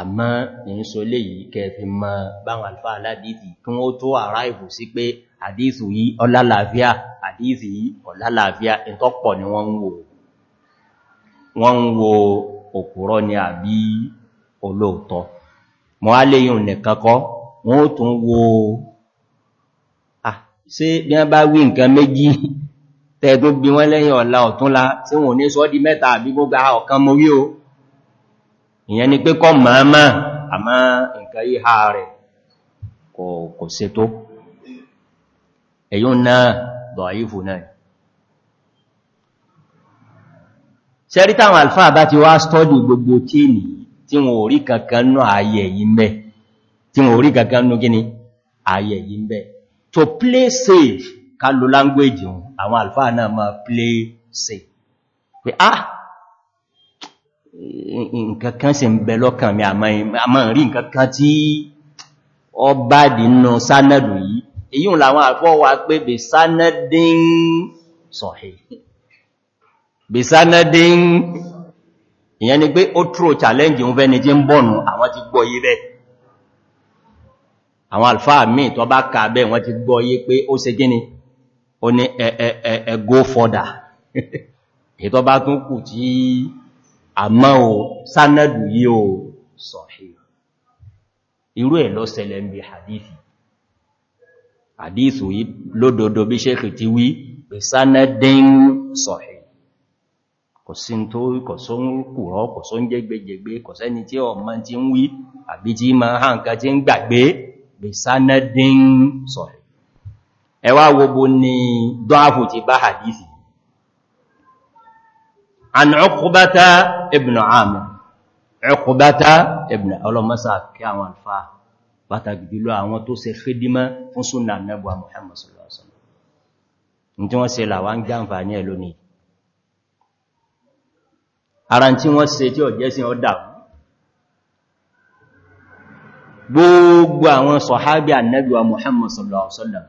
àmọ́ ní sọ lè yìí kẹfì mọ báwọn alfa aládìsì kí wọ́n tó àráìbù sí pé àdìsù yìí ọlálàáfíà àdìsì yìí ọlálàáfíà ìtọ́pọ̀ ni wọ́n ń wò wọ́n ń wo òkúrọ́ ni àbí olóòtọ́ mọ́ á lè yùn nìkankọ́ wọ́n ó tún wo ṣe bí wọ́n bá wí nǹkan méjì tẹ́ẹ̀dún bí wọ́n lẹ́yìn ọ̀la ọ̀túnla tí wọ́n ní sọ́ di mẹ́ta àbí gbogbo ọ̀kan mo rí o ìyẹn ni pé kọ́ màámá àmá nǹkan ìhà rẹ̀ kò se tó èyún náà dọ̀ífù náà ṣẹ́rí táwọn alfáà bá ti wá stọ́dì gbogbo tíìnì tí wọn ò rí kankan nú ààyè yìí mẹ́ tí wọn ò kankan nú gíní ààyè yìí mẹ́ to play safe ká lo language wọn àwọn alfáà náà máa play safe pé ah nǹkankan sì ń bẹ lọ́kàn mi àmọ́ rí nǹkankan tí ọ bá dínà sánàdù yìí èyí ń làwọn àfọ́ wa pé bè sánàdín sọ̀hẹ̀ bè sánàdín ìyẹn ni pé ó tró challenge ń fẹ́ni tí ń bọ̀nù àwọn ti gbọ́ yé bẹ́ àwọn alfáà míì tó bá ka bẹ́ wọ́n ti gbọ́ yé pé ó ṣe gíní ó ní ẹ go further èyí tó bá tún kù tí àmọ́ o sánàdù yí o sọ̀hí irú ẹ̀ ló ṣẹlẹ̀ ń bí hadithi hadithu yìí lódodo bí ṣékì ti wí pé sánàdín sọ̀hí kò sí tó kò só ń kùrọ kò só ń jẹ́gbẹ́jẹ́gbé kò sẹ́ni tí ọmọ ti ń wí àbí tí ma hànká tí ń gbàgbé bí sánàdín sọ̀hí ẹwà gbogbo ni dọ́àfù hadithi an ọkùbátá ibn àmì ọkùbátá ibn ọlọ́mọ́sá kí àwọn alfa pàtàkì jùlọ àwọn tó ṣe fídímá fún súnà nẹ́bùwa Muhammad sallallahu alaihi wasallam ní tí wọ́n ṣe làwá ń jáǹfà ní ẹ̀lónì ara tí wọ́n ṣe tí ọ̀jẹ́ sí ọdá gbogbo àwọn sọ̀hábí ànẹ́bùwa Muhammad sallallahu alaihi wasallam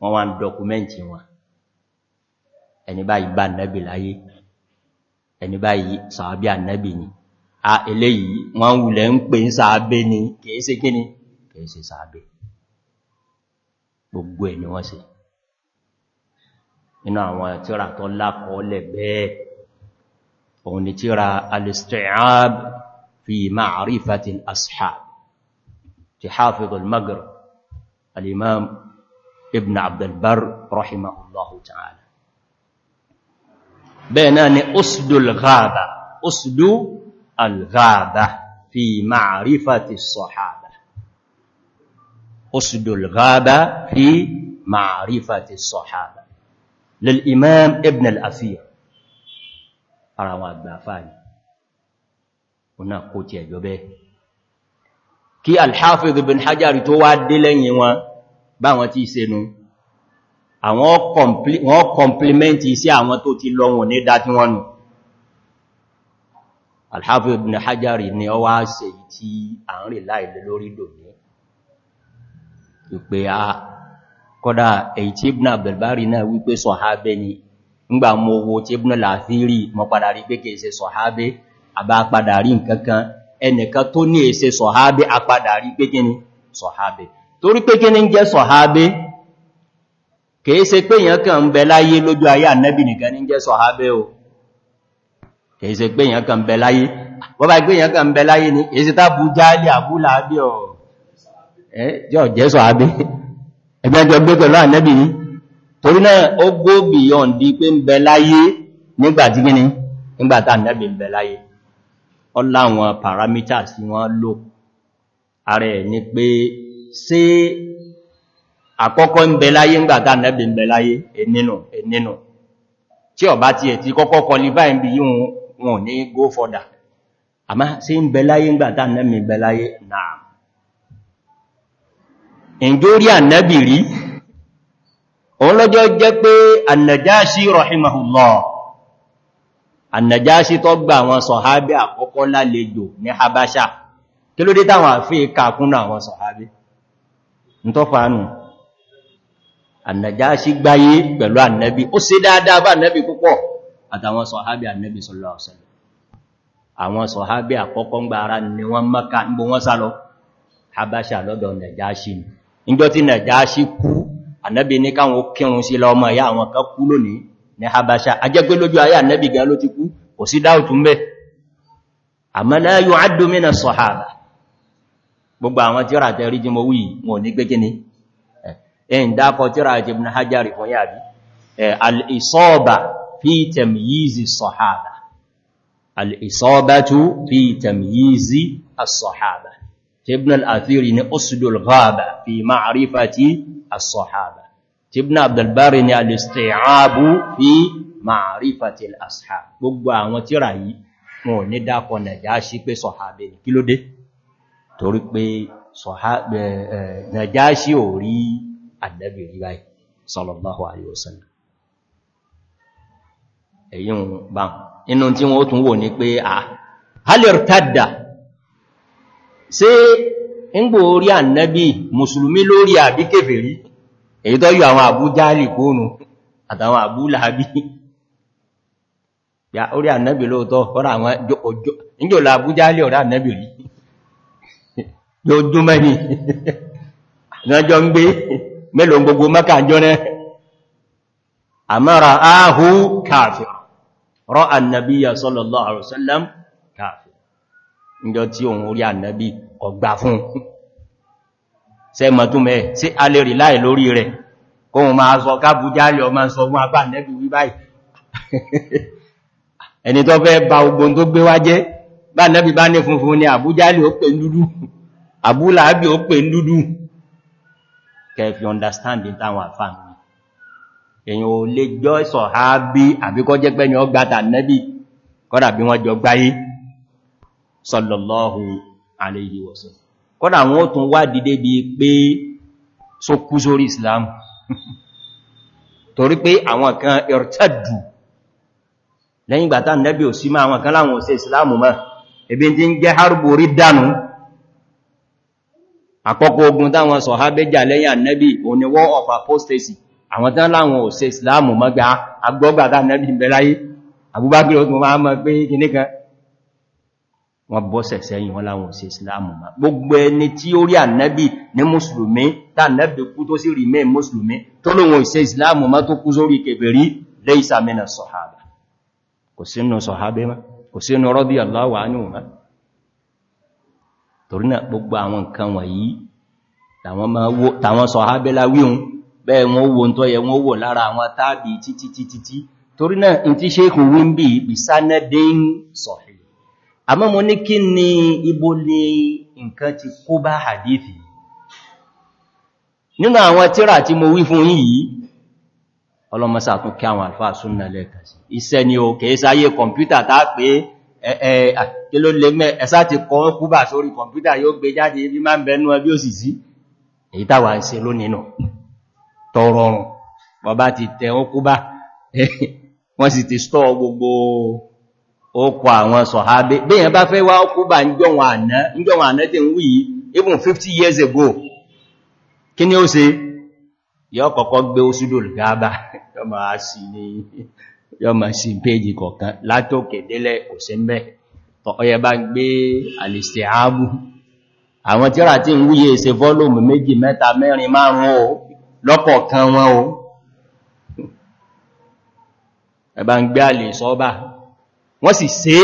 wọ́n wá ń dọkumẹ́ntì wọn ẹni báyìí bá nẹ́bì láyé ẹni báyìí sàábí ànẹ́bì ni a eléyìí wọ́n wulẹ̀ ń pè ń sàábé ni kìí ṣe kíni kìí ṣe sàábé gbogbo ẹ̀ ni wọ́n ṣe nínú àwọn tíra tó lákọọ́lẹ̀ bẹ́ẹ̀ òun ni tíra al-isti'ab fi ma'rifati al-ashab ti hafiz al-maghrib ibn abdul rahimahullahu ta'ala bẹ́ẹ̀ náà ni usdul ghaba usdu al-ghaba fi ma'rifati sahaba usdul ghaba fi ma'rifati sahaba lil imam ibn al-afir ara wọn àgbà fáyìí ọ̀nà kò tí ẹjọ́ bẹ́ẹ̀ kí al-hafiz ibn hajar tó wá dé lẹ́yìn wọn báwọn tí ìsẹnu àwọn kọmplimenti isi àwọn tó ti lọ wọn ní dájú wọn nù hajjari ni ọ wá ṣe tí a ń rí láìlé lórí dòní ìpé a kọ́dá èyí tí náà wípé sọ̀hábẹ́ ni ngbà mọ owó tí ibn láàfírí mọ́ padà rí pé kìí sọ̀hábẹ́ àbá padà rí nkankan ẹnìkan tó ní èṣe sọ̀hábẹ́ apadà rí pé kíni sọ̀hábẹ́ torí pé kìí ṣe pé èyàn kàn ń bẹ láyé lójú ayé ànẹ́bì nìkan ní jẹ́ sọ̀hábẹ́ o kìí ṣe pé èyàn kàn ń bẹ láyé wọ́n bá gbé èyàn kàn ń bẹ láyé ní èsì tábù jáàlì àbúlà bí ọ̀ jọ jẹ́ beyond di pé ń bẹ láyé nígbà tí gíní nígbà tá ànẹ́bì ń bẹ láyé ó láwọn parameters ni pé ṣé àkọ́kọ́ ń bẹ láyé ńgbàtà nẹ́bì ń bẹ láyé ẹnìnù ẹnìnù tí ọba ti ẹ̀tí kọ́kọ́ kọlíbá ìbí yíò wọn ní go further àmá sí ń bẹ láyé ńgbàtà nẹ́bì ń bẹ láyé na ìjórí ànẹ́bì rí òun lọ́jọ́ jẹ́ pé An-Najashi rahimahullah An-Najashi tó gba àwọn Habasha kí ló dé táwọn àfíì kàkúnnà àwọn sọ̀hábí ń An-Najashi gbáyé pẹ̀lú ànẹ́bí ó ṣe dáadáa bá ànẹ́bí púpọ̀ àtàwọn sọ̀hábí ànẹ́bí sallallahu alaihi wasallam àwọn sọ̀hábí àkọ́kọ́ gba ara ni wọ́n Mákà ń wọ́n sá lọ Habasha lọ́dọ̀ Najashi ni ìjọ tí Najashi kú ànẹ́bí ní káwọn kírun sí lọ ọmọ ìyá àwọn kan kú lónìí ní Habasha ajẹ́gbé lójú ayé ànẹ́bí gan ló ti kú kò sí dáùtù ń bẹ̀ àmọ́ la yu'addu mina sọ̀hábà gbogbo àwọn tí ó rà tẹ́rí jí wọn ò ní gbé kíní ẹ̀yìn dákọ̀ tíra àti ibn hajjari fún yàbí al'isọ́ọ̀bà fi tẹ̀mìyízi sọ̀hábà al'isọ́ọ̀bàtú fi tẹ̀mìyízi as-sọ̀hábà tí ibn al'athiri ni usudul ghaba fi ma'arifati as-sọ̀hábà tí ibn abdulbari ni al'isti'abu fi ma'arifati al-ashab gbogbo àwọn tíra yìí wọn ní ànábì rí dị sallallahu alaihi wasallam ba ń bá inú tí wọ́n tún wò ní pé à halittadda sí ìgbò orí annabi mùsùlùmí lórí abi kèfèrí èyí tó yọ awọn Abu jali kóònù àtàwọn Abu Lahabi ya Abu mélòó gbogbo mẹ́kà jọ́nẹ́ àmára áhù káàfir rọ́ annabiya sallallahu alaihi wasallam káàfir ìjọ tí òun orí annabi ọgbà fún ṣe mọ̀túnmẹ́ sí alẹ́rì láì lórí rẹ̀ kóhun máa sọ kábújá lè ọmọ sọ fún apá annabi wí báyìí ẹni tó fẹ́ ba ogun tó kẹfì understanding táwọn àfáàmì èyàn ò lè jọ ìsọ̀ ha bí àbíkọ́ jẹ́ pẹ́ ni ọ kọ́dà bí wọ́n jọ gbáyé sallallahu alayhi kọ́dà wọ́n tún wá dìde bí pé só kú sórí islam torí pé àwọn kan irtaddu lẹ́yìn ò sí máa àwọn kan islam mọ́ ebi ń jẹ́ àkọ́kọ́ ogun táwọn sọ̀hábẹ́ jà lẹ́yìn ànẹ́bì òní war of apostasy àwọn tán láwọn ò ṣe ìsìláàmù mọ́gbà agbọ́gbàtà ànẹ́bì bẹ̀láyé àbúbágbé ogun máa mọ́ pé kìníkan wọ́n bọ́sẹ̀ sẹ́yìn wọ́n láwọn ò ṣe ìsìláàmù mọ́ gbogbo ẹni tí ó rí ànẹ́bì ní mùsùlùmí tá ànẹ́bì kú tó sì mọ́ torí náà gbogbo àwọn nǹkan wọ̀nyí tàwọn sọ̀hábẹ́lá wíhun bẹ́ẹ̀ wọ́n wò tó yẹ wọ́n wò lára àwọn tábí títí títí tí torí náà in ti ṣe kò wí ń bí ibi sanadin sọ̀hí àmọ́ mo ní kí ni ibo ni nǹkan ti kó bá hadithi nínú àwọn tíra tí mo wí fún yìí ọlọ́mọsà tún kí àwọn àlfà súnnà lẹ́ẹ̀kan sí iṣẹ́ ni ó kẹ́ẹ́sáyé kọ̀mpútà tá pé kí ló lè mẹ́ ẹ̀sá ti kọ́ kúbà sórí kọ̀mpútà yóò gbé jáde bí máa ń bẹnu ẹbí òsì sí èyí tàwà ń ṣe lónìí tọrọ ọrùn bàbá ti tẹ ó kúbà wọ́n sì ti stọ́ gbogbo ókọ àwọn sọ̀hábé bíyàn bá fẹ́ wá kúbà níjọ́wọ̀n àná tí ń wí even 50 years ago kí ni ó ṣe yọ́ kọ̀kọ́ gbé ó sídò lùgábà yọ́ máa sì ní yọ ma sí péjì kọ̀kan látòkè délẹ̀ kò sí mẹ́ ọ̀yẹ bá ń gbé àlìsì ààbù àwọn tíra tí ń wúye ìse fọ́lùmù méjì mẹ́ta mẹ́rin márùn ún lọ́kọ̀ọ̀kan wọn o ẹ̀bá ń gbé àlìsọ́bà wọ́n sì sé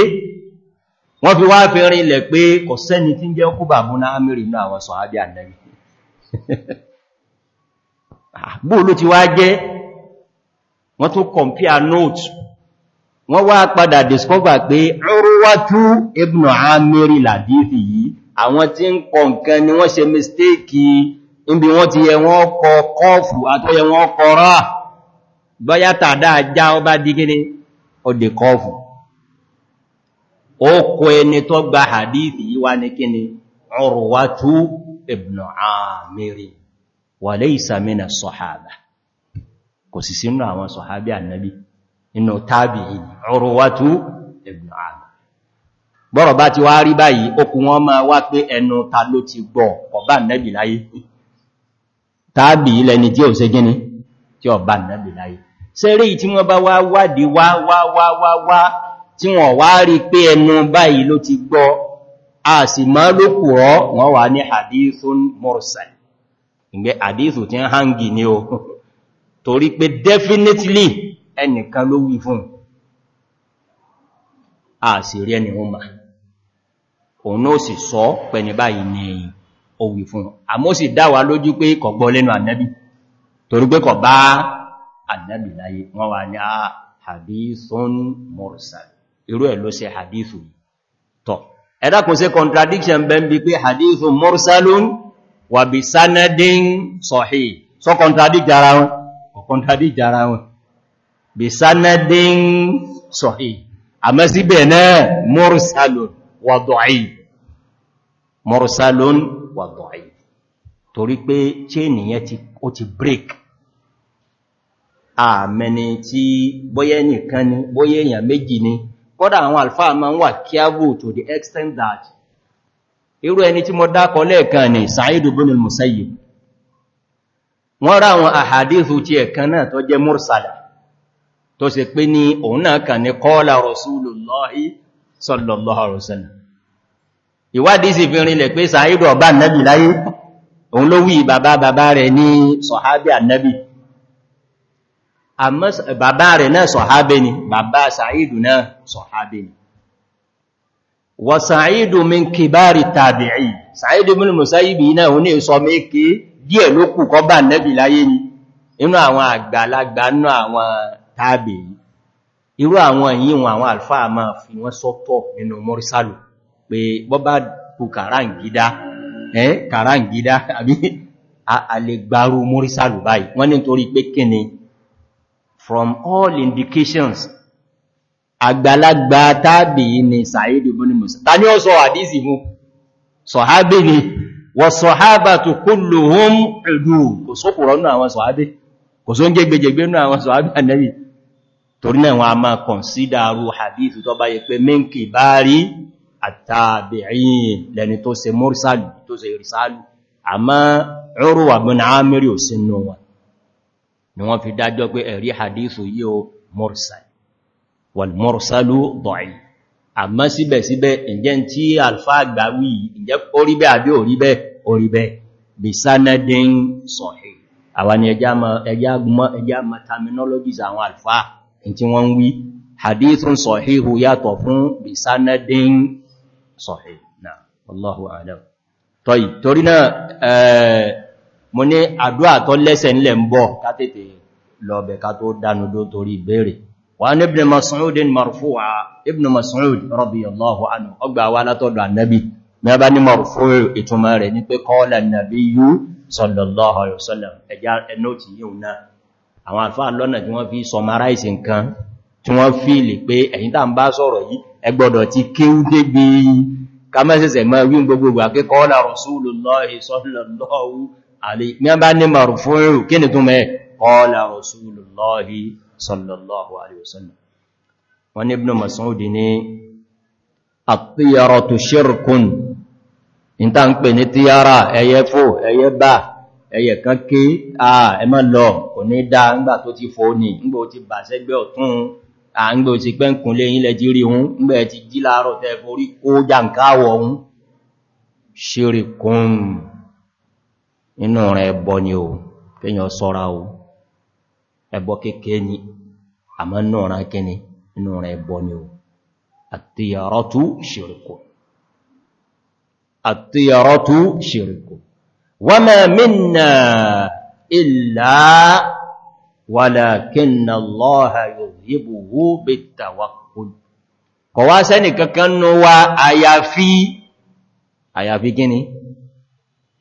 wọ́n fi wá fi rinlẹ̀ pé kò sẹ́ni tí ń jẹ́ kú bàbú náà mìírì náà àwọn sọ̀hábí ànẹ́rí ah, bóò ló ti wá wọ́n tún compare note wọ́n wá padà discover pé Urwatu ibn Amiri làdífì yìí àwọn tí ń kọ nǹkan ni wọ́n ṣe mistake níbi wọ́n ti yẹ wọ́n kọ kọfù àtọ́yẹ wọ́n kọ rá bọ́yátà dáadáa ọba dígíní ọdẹ kọfù ó kọ ẹni tó gba hadithi yíwá ní kíni Urwatu ibn Amiri wa laysa mina sahaba kò sì sínú àwọn sọ̀hábí ànábí inú tábì Urwatu ibn Amr bọ́rọ̀ bá ti wá rí báyìí okùn wọn máa wá pé ẹnu ta ló ti gbọ́ ọba nẹ́bì láyé tábì lẹni tí ò ṣe gíní tí ọba nẹ́bì láyé sẹ́rí tí wọ́n bá wá wádìí wá wá wá wá wá tí wọ́n wá rí torí pé definitely ẹnìkan ló wí fún a sì rí ẹni wọ́n ma òun náà sì sọ pẹ̀lú báyìí ni ó wí fún àmọ́ sì dá wa lójú pé kò gbọ́ lẹ́nu ànẹ́bì torí pé kò bá ànẹ́bì láyé wọ́n wà ní hadithun mursal irú ẹ̀ ló ṣe hadithu tọ̀ ẹ̀dá kò sí contradiction bẹ́ẹ̀ bí pé hadithun mursalun wà bí sanadin sahih so contradict ara wọn kọ̀kọ̀ndádì ìjára wọn bí sanadin sọ̀hí àmọ́ síbẹ̀ náà mọ́rùsálòn wàdọ̀ì torí pé chain yẹn ó ti break àmẹni tí bóyẹ́ nìkan ni bóyẹ́ èèyàn méjì ni kọ́dà àwọn alfáà ma ń wà kíávù to the extent that irú ẹni tí mo dákọ lẹ́ẹ̀kan ni Sa'id musayyib wọ́n rá àwọn àhàdíhù ti ẹ̀kan náà tó jẹ́ múrsàlá tó sì pé ní òun náà kà ní kọ́ọ́lá rasulullahi sallallahu alaihi wasallam ìwádìí sì fi rinlẹ̀ pé sàáìdù ọba annabi láyé òun ló wí bàbá bàbá rẹ̀ ní sọ̀hábí annabi bàbá rẹ̀ náà sọ̀hábé ní ìsọ mékèé díẹ̀ ló kù kọ bá nẹ́bì láyé ni inú àwọn àgbàlagbà inú àwọn tàbí irú àwọn yíwọn àwọn alfáà máa fi wọ́n sọ́tọ̀ nínú mọ́rísàlù pé bọ́bá kù kàráǹgídá ẹ́ kàráǹgídá àbí àlègbàrú mọ́rísàlù báyìí wọ́n ní torí from all indications àgbàlagbà tàbí ni sàídì bọ́nimọ̀sá ta ní ó sọ àdísì mú sọ̀hábé ni wọ sọ̀hábà tó kúlù hún ẹ̀dù kò sókùrọ̀ nínú àwọn sọ̀hábé kò só ń jẹ́ gbẹ̀jẹ̀gbẹ̀ nínú àwọn sọ̀hábé ànẹ́bì torí náà wọn a máa kọ̀nsídàrú hadith tó bá yẹ pé mẹ́ǹkì bá rí àtàbẹ̀yìn lẹni tó se àmọ́ síbẹ̀síbẹ̀ ǹjẹ́ tí alfa àgbà wí ǹjẹ́ orí bẹ́ àbí orí bẹ́ orí bẹ́ bí sanadin sahih àwọn ni ẹjá gbọmọ́ ẹjá ma terminologies àwọn alfa tí wọ́n wí hadithun sahihu yàtọ̀ fún bí sanadin sahih náà wallahu a'lam tọ́yì torí náà eh, mo ní àdúà وعن ابن مسعود مرفوعا ابن مسعود رضي الله عنه أقبع ولا تدع النبي ما بني مرفوع إتماري نبي قال النبي صلى الله عليه وسلم أجال النوتي يونا àwọn àfáà lọ́nà tí wọ́n fi summarize nǹkan tí wọ́n fi lè pé ẹ̀yin tá ń bá sọ̀rọ̀ yìí ẹ gbọ́dọ̀ ti kéú dégbé kamẹ́sẹsẹ̀ mọ́ wí gbogbogbò akẹ́kọ́ọ́lá rasulullahi sallallahu alaihi wasallam wọ́n ní ibn Mas'ud ní at-tiyaratu shirkun in ta ń pè ní tíyára ẹyẹ fò ẹyẹ bá ẹyẹ kan ké àà ẹmọ́ lọ kò ní dá ńgbà tó ti fò ní ńgbà ó ti bà sẹ́gbẹ́ ọ̀tún à ń gbé òsì pẹ́ ń kùnlé ilẹ̀ jírí hun ńgbẹ̀ ti jí láàárọ̀ ẹbọ kéèkéé ni àmọ́ inú ọ̀rán kíni inú ọ̀rán ẹbọ ni o àtìyàrọ́tú ṣìrìkò àtìyàrọ́tú ṣìrìkò wọ́n mẹ́ mínà ìlà wàlàkínà lọ́ha yòrìbùwó bí tàwàkùn kọ̀ wá sẹ́nì kankan nú wa àyàfí àyàfí kíni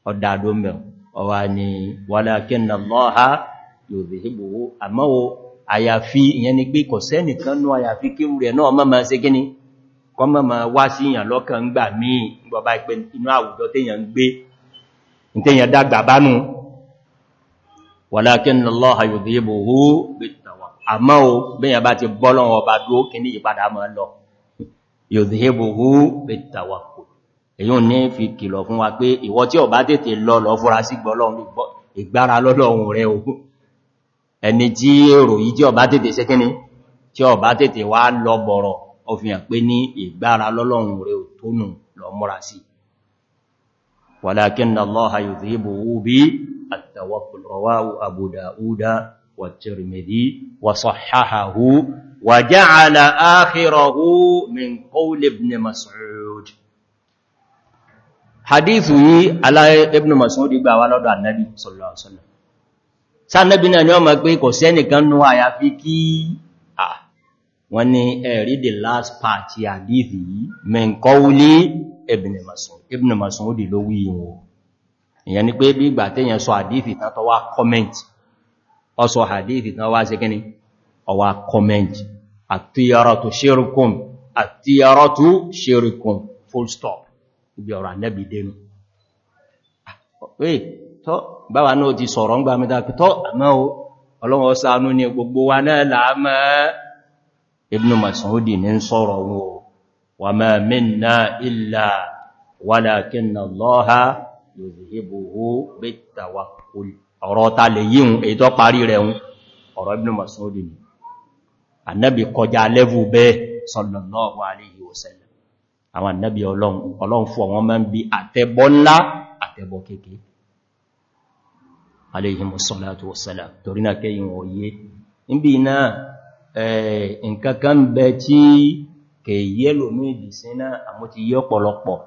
ọ̀dàdó mẹ́ ọwà ni wàlàkínà lọ́ha yòrìbùwó yòzìhìbòwó àmọ́wò àyàfi ìyẹn ni pé kò sẹ́nìkan ní àyàfi kí rẹ̀ náà mọ́ ma ṣe gíní kọ́ mọ́ ma wá sí ìyàn lọ́kàn ń gbà míì gbọba ìpẹ inú àwùjọ téyàn gbé téyàn dàgbà bánú walakinna Allaha yudhibuhu bit-tawakkul èyí ní fi kìlọ̀ fún wa pé ìwọ tí o bá tètè lọ lọ fúra sí gbọ́lọ́run ìgbára lọ́lọ́run rẹ̀ ogun ẹni tí èrò yìí tí ọba tètè ṣe kíní tí ọba tètè wá lọ bọ̀rọ̀ ọfihàn pé ní ìgbára lọ́lọ́run rẹ̀ tó nù lọ múra sí walakinna Allaha yudhibuhu bi at-tawakkul rawahu Abu Dawuda wa Tirmidhi wa sahhahahu wa ja'ala akhirahu min hadithu yi ala Ibn Mas'ud gbà wá lọ́dọ̀ annabi sallallahu alaihi wasallam sáànẹ́bí náà ni ọmọ pé kò sí ẹnìkan nú àyàfi kí à wọ́n ni ẹ̀rí the last part àdíìdì yìí mẹ́ǹkọ́wúlé Ibn Mas'ud ó dì ló wí ìwọ̀n ìyẹn ni pé bí ìgbà tẹ́yẹn sọ àdíìdì tán tó wá comment ọ sọ àdíìdì tán wá ṣe kíní ọwá comment àtíyàrọ̀tù ṣírùkùn full stop ibi ọ̀rọ̀ ànẹ́bì dénú báwa náà ti sọ̀rọ̀ ń gbà mẹ́ta pẹ̀tọ́ àmọ́ ọlọ́wọ́ ṣàánú ní gbogbo wa náà láàmọ́ Ibn Mas'ud ní sọ̀rọ̀ wọn wa ma minna illa walakinna Allaha yuzhibuhu bit-tawakkul ọ̀rọ̀ ta lè yíhun èyí tó parí rẹ̀ hun ọ̀rọ̀ Ibn Mas'ud aléhìmọ̀ sọ́látù wọ̀sálà torí náà kẹ́yìn òye níbi iná nǹkankan bẹ tí kèyẹ lómi ìdìsí náà àmú ti yẹ ọ̀pọ̀lọpọ̀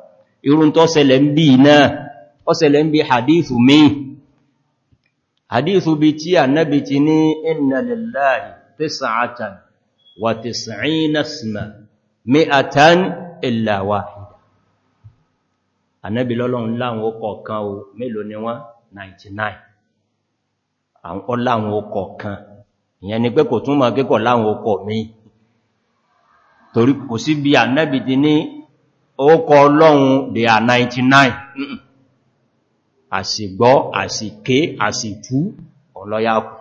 irun tó ṣẹlẹ̀ ń bí iná ó ṣẹlẹ̀ ń bí hadithu mi hadithu bí tí annabi ti ní inna lillahi tis'atan wa tis'ina isma mi'atan illa annabi lọ́lọ́run láwọn ó kọ̀ọ̀kan o mélòó ni wọ́n 99 àwọn láwọn ọkọ̀ kan ìyẹn ni pé kò tún ma kíkọ̀ láwọn ọkọ̀ mi torí kò sí bí ànẹ́bì ti ní ọkọ̀ ọlọ́run they are 99 àsìgbọ́ àsìké àsìtú ọlọ́yàkù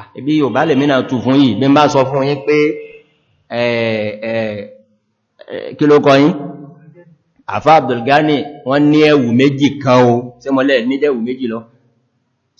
ah, ibi yóò bá lè mínà tù fún yìí bí n bá sọ fún yín pé kí ló kọ yín àfá Abdulgani wọ́n ní ẹ̀wù méjì kan o sí mọ́lẹ̀ ní ẹ̀wù méjì lọ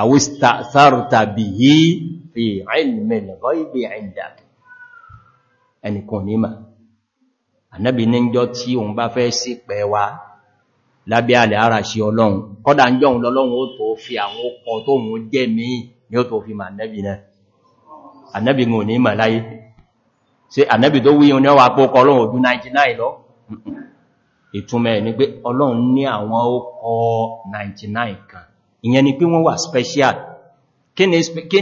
àwísta sáàrùta bí i fi ilmil ghaibi indak ẹnìkan níma ànábì ní jọ tí òun bá fẹ́ sí pẹ wa lábẹ́ alẹ́ ara ṣe ọlọ́run kọ́dà ń jọun lọ́lọ́run ó tó fi àwọn ọkọ̀ tó mún jẹ́ míì ni ó tó fi ma ànábì náà ànábì ń ní mà láyé ṣé ànábì tó wíyàn ní 99 kan ìyẹn ni pé wọ́n wà special kí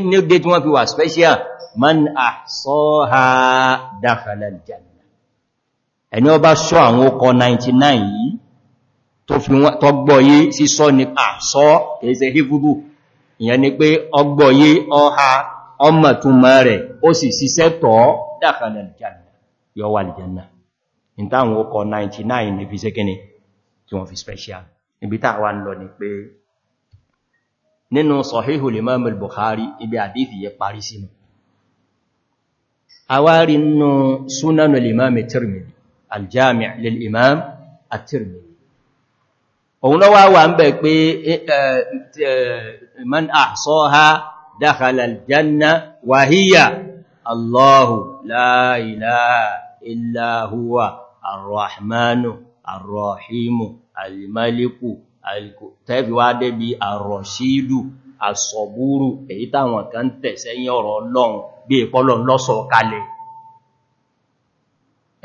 ni ó dé tí wọ́n fi wà special man ahsaha dakhala aljanna ẹni ó bá ṣọ́ àwọn okọ̀ 99 yìí tó fi wọ́n tó gbọ́yé sísọ́ ní àṣọ́ kẹsẹ̀ hífúdù ìyẹn ni pé ọgbọ́yé ọha ọmọ túnmọ̀ rẹ̀ ó sì ṣiṣẹ́ tọ́ dakhala aljanna yóò wà aljanna in táwọn okọ̀ 99 ní fi ṣe kíni tí special ibi táwọn lọ ni pé nínú sọ̀híhù limamu al-bukhari ibi àdífì yẹ parí sínú àwárí nínú súnánù limamu tirmidhi aljami' lil-imam at-tirmidhi òun lọ́wọ́ wà ń bẹ̀ pé man ahsaha dakhala al-janna wa allahu la ilaha illa huwa ar tẹ́fì wá débi àrọ̀ṣídù àsọ̀búrù èyí táwọn kan tẹ̀ sẹ́yìn ọ̀rọ̀ ọlọ́run bí ìpọ́lọ̀ lọ́sọ̀ kalẹ̀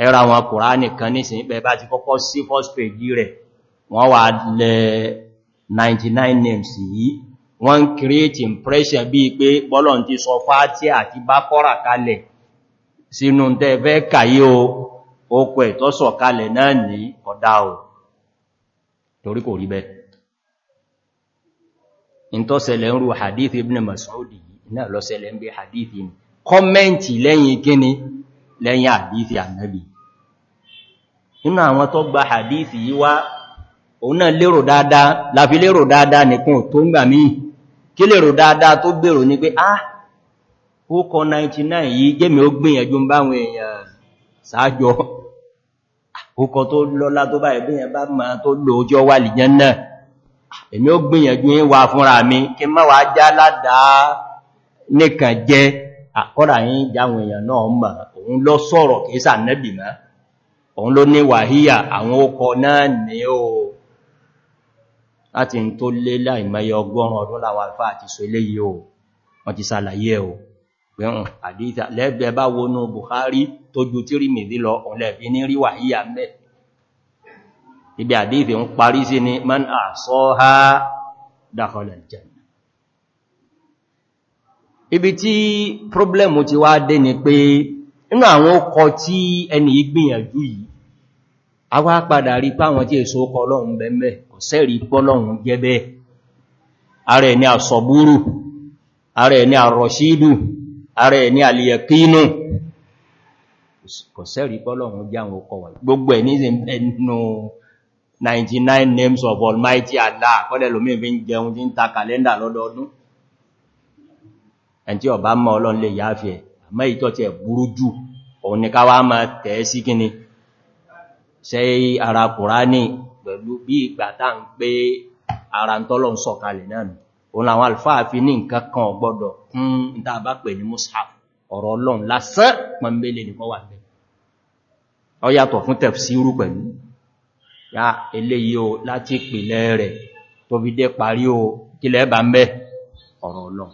ẹra wọn kùránì kan nísìn pẹ bá ti kọ́kọ́ sí first page rẹ̀ wọ́n wà lẹ 99 names yìí wọ́n create impression bí pé bọ́lọ̀ ti sọ fàátí àti bá kọ́rà kalẹ̀ sínú tẹ́fẹ́ kàyí o ó pẹ̀ tọ́sọ̀ kalẹ̀ náà ní ọ̀dá o torí kò rí bẹ́ in ń rú hadith ibn Mas'ud náà lọ ń bí hadith ni kọ́mẹ́ntì lẹ́yìn kíni lẹ́yìn hadith annabi nínú àwọn tó gba hadith yìí wá òun náà lérò dáadáa láfi lérò dáadáa nìkan tó ń gbà mí kí lérò dáadáa tó gbèrò ní pé ah ó kọ 99 yìí jẹ́mi ó gbìyànjú báwọn èèyàn sáájọ́ òkọ tó lọ́lá tó bá ẹ̀bí yẹn bá máa tó lò ojú ọwà lìjẹ́ náà èmi ó gbìyànjú yí wa fúnra mi kí má wà já ládàá nìkan jẹ́ àkọ́dà yí jáwọn èèyàn náà mọ̀ òun lọ sọ̀rọ̀ kìísà nẹ́bì mọ́ òun ló ní wàhíyà àwọn okọ náà ní o láti ń tó lé láìmẹ́yẹ ọgọ́rùn ọdún láwọn alfáà sọ eléyìí o wọ́n ti sàlàyé o pẹ̀hùn àdíta lẹ́gbẹ̀ bá wọnú Bukhari tó tí rí mìdí lọ ọ̀lẹ́bí ní rí wàhíyà mẹ́ ibi àdífẹ́ ń parí sí ni man a sọ ha dakhala al ibi tí problemu ti wá dé ni pé àwọn ọkọ̀ tí ààrẹ ní àlìyàkínú kò sẹ́rí pọ́lọ̀run jáwọn ọkọ̀ wà gbogbo ẹ̀ ní ṣe 99 names of almighty Allah kọ́lẹ̀ lómi fi ń jẹun tí ń ta kàlẹ́ndà lọ́dọọdún ẹn tí ọba mọ́ ọlọ́run lè yáfẹ́ àmọ́ ìtọ́ ti ni ká wá máa tẹ̀ sí kíni ṣe ara ara ń tọ́lọ̀ ń sọ̀kalẹ̀ náà òun làwọn alfáà fi ní nǹkan kan ọgbọ́dọ̀ kún ìdábá pè ní mushaf ọ̀rọ̀ ọlọ́run lásẹ́ pọ̀m̀bélé nìkan wà bẹ́ ọ fún tẹ̀fsíru pẹ̀lú ya eléyìí o láti ìpìlẹ̀ rẹ̀ tó fi dé parí o kílẹ̀ bá mẹ́ ọ̀rọ̀ ọlọ́run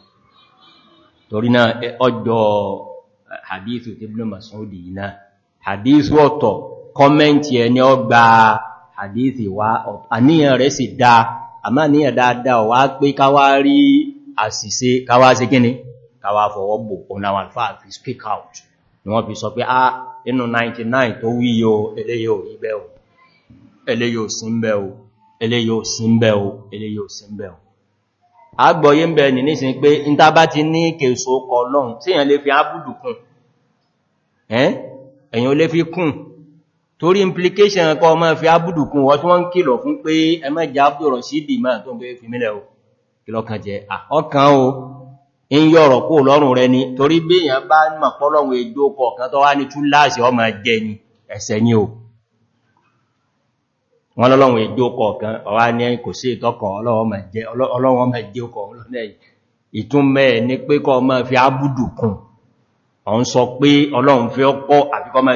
torí náà ọjọ́ hadithu ti Ibn Mas'udi náà àmá níyàn dáadáa wá pé káwá rí àṣìṣe káwá sí kíni káwá fọwọ́ bò fi speak out ni wọ́n fi sọ pé a ah, inú 99 tó wí yóò eléyò ibẹ̀ o eléyò sínbẹ̀ o eléyò sínbẹ̀ o eléyò sínbẹ̀ o agbọ̀yé ń bẹ̀ ní nísìn pé n ti ní kèso kọlọ́n tí èyàn lè fi ábùdù kún ẹ̀yìn ó lè fi kún torí implication ẹ̀kọ́ ọmọ fi ábùdùkún wọ́n tí wọ́n ń kìlọ̀ fún pé ẹmẹ́jẹ ábùdọ̀rọ̀ sí ìdì máa tó ń gbé fi mílẹ̀ o kìlọ̀kan jẹ ọkàn o in yọ̀rọ̀ kó lọ́rùn rẹ ni torí bí èyàn bá mọ̀ pọ́lọ̀wọ̀ ejò kọ̀ọ̀kan tó wá ní tún láàṣì ọmọ jẹ ni ẹ̀ṣẹ̀ ni o wọ́n lọ́lọ́wọ̀ ejò kọ̀ọ̀kan ọwá ní kò sí ìtọ́kọ̀ ọlọ́wọ́n mọ̀ jẹ́ ọkọ̀ ìtúnmẹ́ ní pé kọ́ ọmọ fi ábùdùkún ọ̀n sọ pé ọlọ́run fi ọkọ̀ àfikọ́ mọ́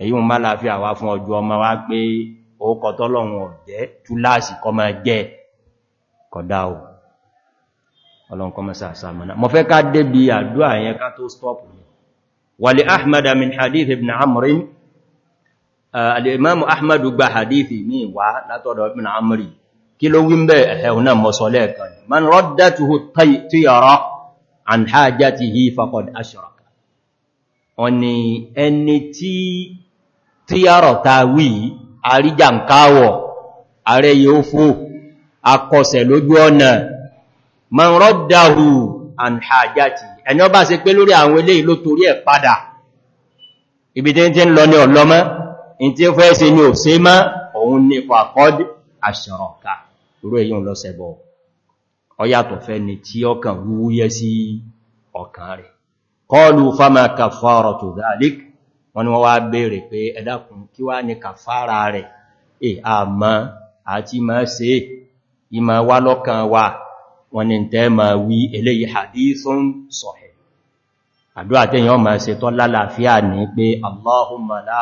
èyí wọn bá láàáfíà wá fún ọjọ́ ọmọ wá pé oókọ̀ tọ́lọ́run ọ̀jẹ́ túláàsì kọ máa jẹ́ kọ̀dá o ọlọ́run kọ mẹ́sà sàmọ́nà mọ̀ fẹ́ ká débi àdúà yẹn ká tó stop wàlè ahmad amin hadith ibn amrin eh, al'imamu ahmad gba hadith mi wá látọ̀dọ̀ ibn amri kí ló wí ẹni tí tíyàrọ̀ ta wí àríjà ń káwọ̀ ààrẹ yóò fò akọsẹ̀ lójú ọ̀nà man rọ́dáhù an hajjati ẹni ọba ṣe pé lórí àwọn eléyìí ló torí ẹ̀ padà ibi tí tí ń lọ ní ọlọ́mọ́ in tí fẹ́ ṣe ní òṣe mọ́ òun ní fàkọ́d àṣọ̀rọ̀ká irú èyí ń lọ́sẹ̀bọ̀ ọyàtọ̀ fẹ́ ni tí ọkàn wúyẹ́ sí ọkàn rẹ̀ kọlu fama kafaratu dhalik wọ́n ni wọ́n wá bèèrè pé ẹ̀dàkùn kí wá ní kàfàrà rẹ̀ e àmọ́ àti ma ṣe ìmọ̀ wá lọ́kàn wà wọ́n ni tẹ́ ma wí eléyìí hadithun sahih àdúrà tẹ́yàn ma ṣe tọ́ lálàáfíà ní pé Allahumma la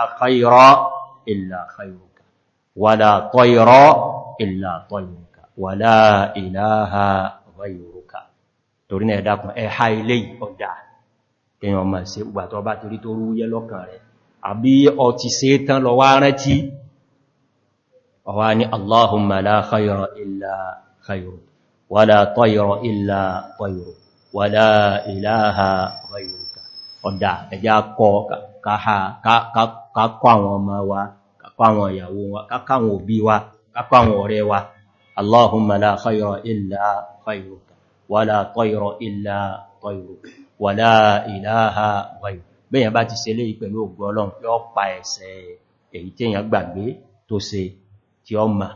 kíyàn ọmọ ìṣe gbà tó bá ti rí tó rúyẹ́ lọ́kàn rẹ̀ àbí ọ ti ṣe tán lọ wá rántí ọwá ní allahumma la khayra illa khayru wala tayra illa tayru wala ilaha ghayruka ọ̀dá ẹjá kọ kakọ àwọn ọmọ wa kakọ àwọn ìyàwó wa kakọ àwọn òbí wa kakọ àwọn wà láìláha wáyé bẹ́yàn bá ti ṣe lé pẹ̀lú ògùn ọlọ́run yọ́ pa ẹ̀ṣẹ̀ èyí tí èyàn gbàgbé tó ṣe tí ó ma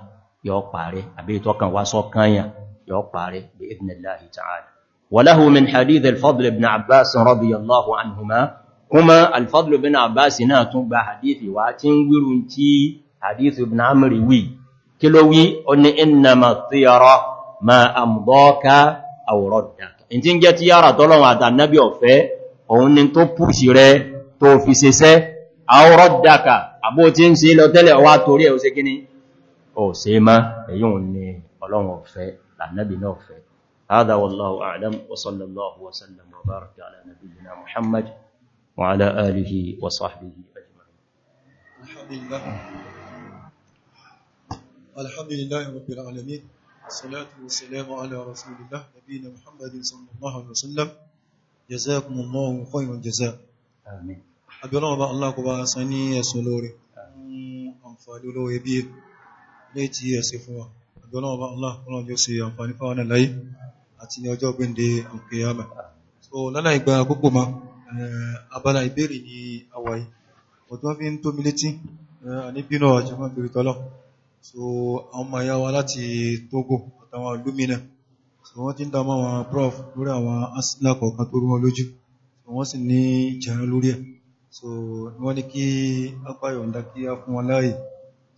yọ́ parẹ́ àbí ìtọ́kan wá sọ́kányà yọ́ parẹ́ bí idhnillahi ta'ala وله من حديث الفضل بن عباس رضي الله عنهما كما الفضل بن عباس ناتون بحديث واتين ويرنتي حديث ابن عمرو وي كلوي ان انما الطيره ما امضاك او رد in ti ń jẹ́ ti yára tọ́lọ́run àtànẹ́bí ọ̀fẹ́ òun ni tó pùsì rẹ tó fi ṣeṣẹ́ àwọ́rọ̀ dáka àbó tí ń ṣe lọ tẹ́lẹ̀ wá torí ẹ̀ ó ṣe kíní هذا والله أعلم وصلى الله وسلم وبارك على نبينا محمد وعلى آله وصحبه أجمعين الحمد لله الحمد لله رب العالمين الصلاة والسلام على رسول الله نبينا محمد صلى الله عليه وسلم جزاكم الله خير الجزاء آمين أبرا بأ الله كبا سني يسولوري أنفال لو يبير ليتي يسفوا أبرا بأ الله كبا يسي أنفال فانا لي أتني أجاب دي القيامة so lálàá ìgbà àkókò ma abala ìbéèrè ni àwàyí ọ̀tún fi ń tó mi létí àníbínú àjọmọ́ ìbìrìtọ́lọ́ so ọmọ ìyá wa láti Togo àtàwọn alúmínà so wọ́n ti ń dámọ́ àwọn prof lórí àwọn asìlá kọ̀ọ̀kan tó rúwọ́ lójú so wọ́n sì ní ìjẹ̀rán lórí ẹ̀ so wọ́n ní kí apáyọ̀ndá kí á fún wọn láàyè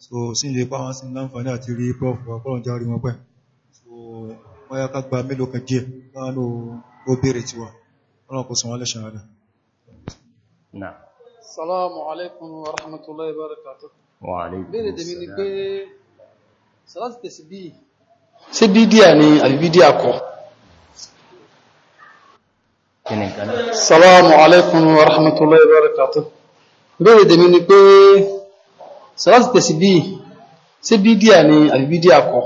so sí ilé pa wọn sí láǹfààní àti rí prof wa kọ́lọ̀ járí wọn pẹ́ so wọ́n yá ká gba mélòó kan díẹ̀ láàánú ó béèrè tiwa ọlọ́run kò sàn wọ́n lẹ́sàn rẹ̀ Assalamu alaikum wa rahmatullahi wa barakatuh Wa alaykum assalam. Béèrè tèmi ni pé Sọláàtì tẹ̀sí bí. Ṣé bídíà ni àbí bídíà kọ́? Salamu alaykum wa rahmatullahi wa barakatuh. Béèrè tèmi ni pé Sọláàtì tẹ̀sí bí. Ṣé ni àbí bídíà kọ́?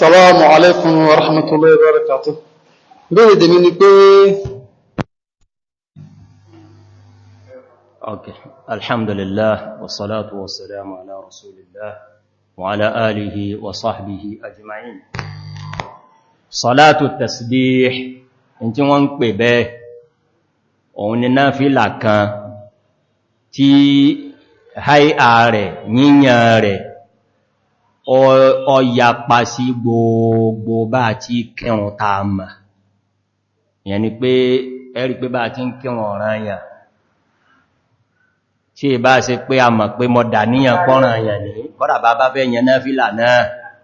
Salamu alaykum wa rahmatullahi wa barakatuh. Béèrè ni pé Okay. Alhamdulillah, wassalatu wassalamu ala rasulillah wa ala alihi wa sahbihi ajma'in. Salatu tasbih, in tí wọ́n ń pè bẹ́ẹ̀, òun ni náfílà kan tí háìá rẹ̀, yíyàn rẹ̀, ọyapa sí gbogbo bá ti kírun ta mà. Yẹni pé, ẹ̀rí pé bá ti ń kírun ọ̀ranyàn tí ìbá ṣe pé a mọ̀ pé mọ̀dà níyàn pọ́ràn àyàn ní kọ́dà bá bá fẹ́ yẹn náà fílà náà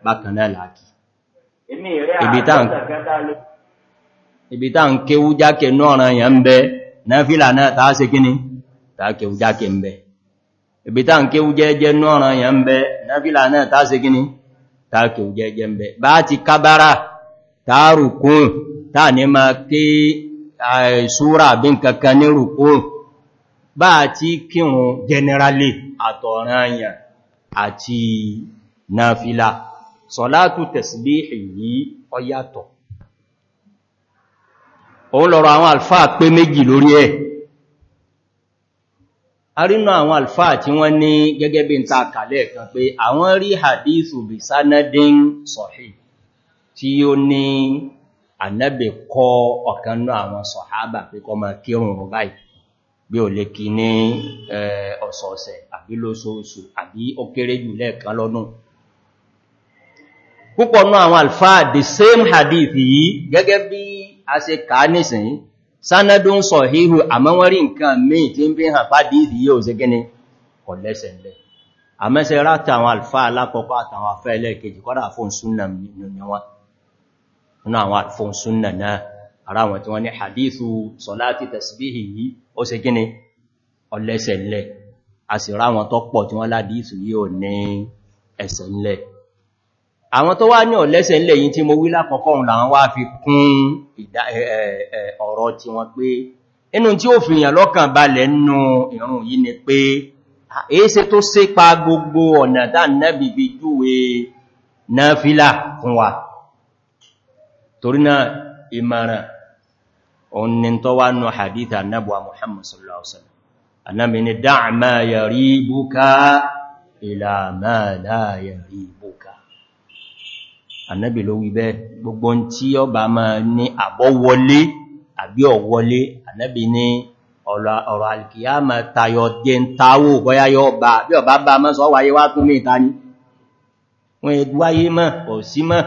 bákan náà láàkì ibi tá ń kéwú jákè náà àyàn ń bẹ náà fílà náà tàá ṣe kíní tàá kéwú jákè ń bẹ ibi tá ń kéwú jẹ́jẹ́ náà àyàn ń náà fílà náà tàá bá àti kírun generally àtọ̀ranyàn àti náfílà sọ̀látù tẹ̀sìbíhì yìí ó yàtọ̀ òun lọ́rọ̀ àwọn alfáà pé méjì lórí ẹ̀ arínà àwọn alfáà tí wọ́n ní gẹ́gẹ́ bí n ta kàlẹ̀ kan pé àwọn rí hadithu bí sanadin sahih tí ó ní ànábì kọ́ ọ̀kan àwọn sọ̀hábà pé kó máa kírun báyìí bí o lè kí ní ọ̀sọ̀ọ̀sẹ̀ àbí lóṣooṣù àbí ó kéré jù lẹ́ẹ̀kan lọ́nà púpọ̀ ní àwọn alfa the same hadith yìí gẹ́gẹ́ bí a ṣe kà nísìn sanadun sahihu àmọ́wọ́rí nǹkan míì tí ń bí hàn fàdíìtì yíò ṣe gẹ́ni kò lẹ́sẹ̀ lẹ́ àmẹ́sẹ̀ ráta àwọn alfa alákọ̀ọ́kọ́ àtàwọn afẹ́ ẹlẹ́ẹ̀kejì kọ́dà fún súnnà nínú àwọn àfún súnnà náà ara wọn tí wọ́n ní hadithu sọláti tasbihi yìí ó se gíní ọlẹ́sẹ̀ lẹ́ a sì rá àwọn tó pọ̀ tí wọ́n ládìísù yí ò ní ẹsẹ̀ ńlẹ̀ àwọn tó wá ní ọ̀lẹ́sẹ̀ ńlẹ̀ yìí tí mo wí lákọ̀ọ́kọ́ òun làwọn wá fi kún ọ̀rọ̀ tí wọ́n pé inú tí ó fi yàn lọ́kàn balẹ̀ nù ìrun yìí ni pé èése tó sépa gbogbo ọ̀nà dá fi júwe náà fílà fún wa torí náà ìmọ̀ràn òun ni tó wá nù hadith annabuwa muhammad sallallahu alaihi wasallam annabi ni dáa ma yaribuka ila ma la yaribuka annabi ló wí bẹ́ẹ̀ gbogbo tí ó bá máa ní àbọ̀ wọlé àbí ọ̀wọlé annabi ni ọ̀rọ̀ alkiyama tayọ jẹ ń tawó bọ́yá yọ bá bí ọ̀bá bá mọ́ sọ wáyé wá tún mí ìta ni wọ́n ẹgbáyé mọ́ kò sí mọ́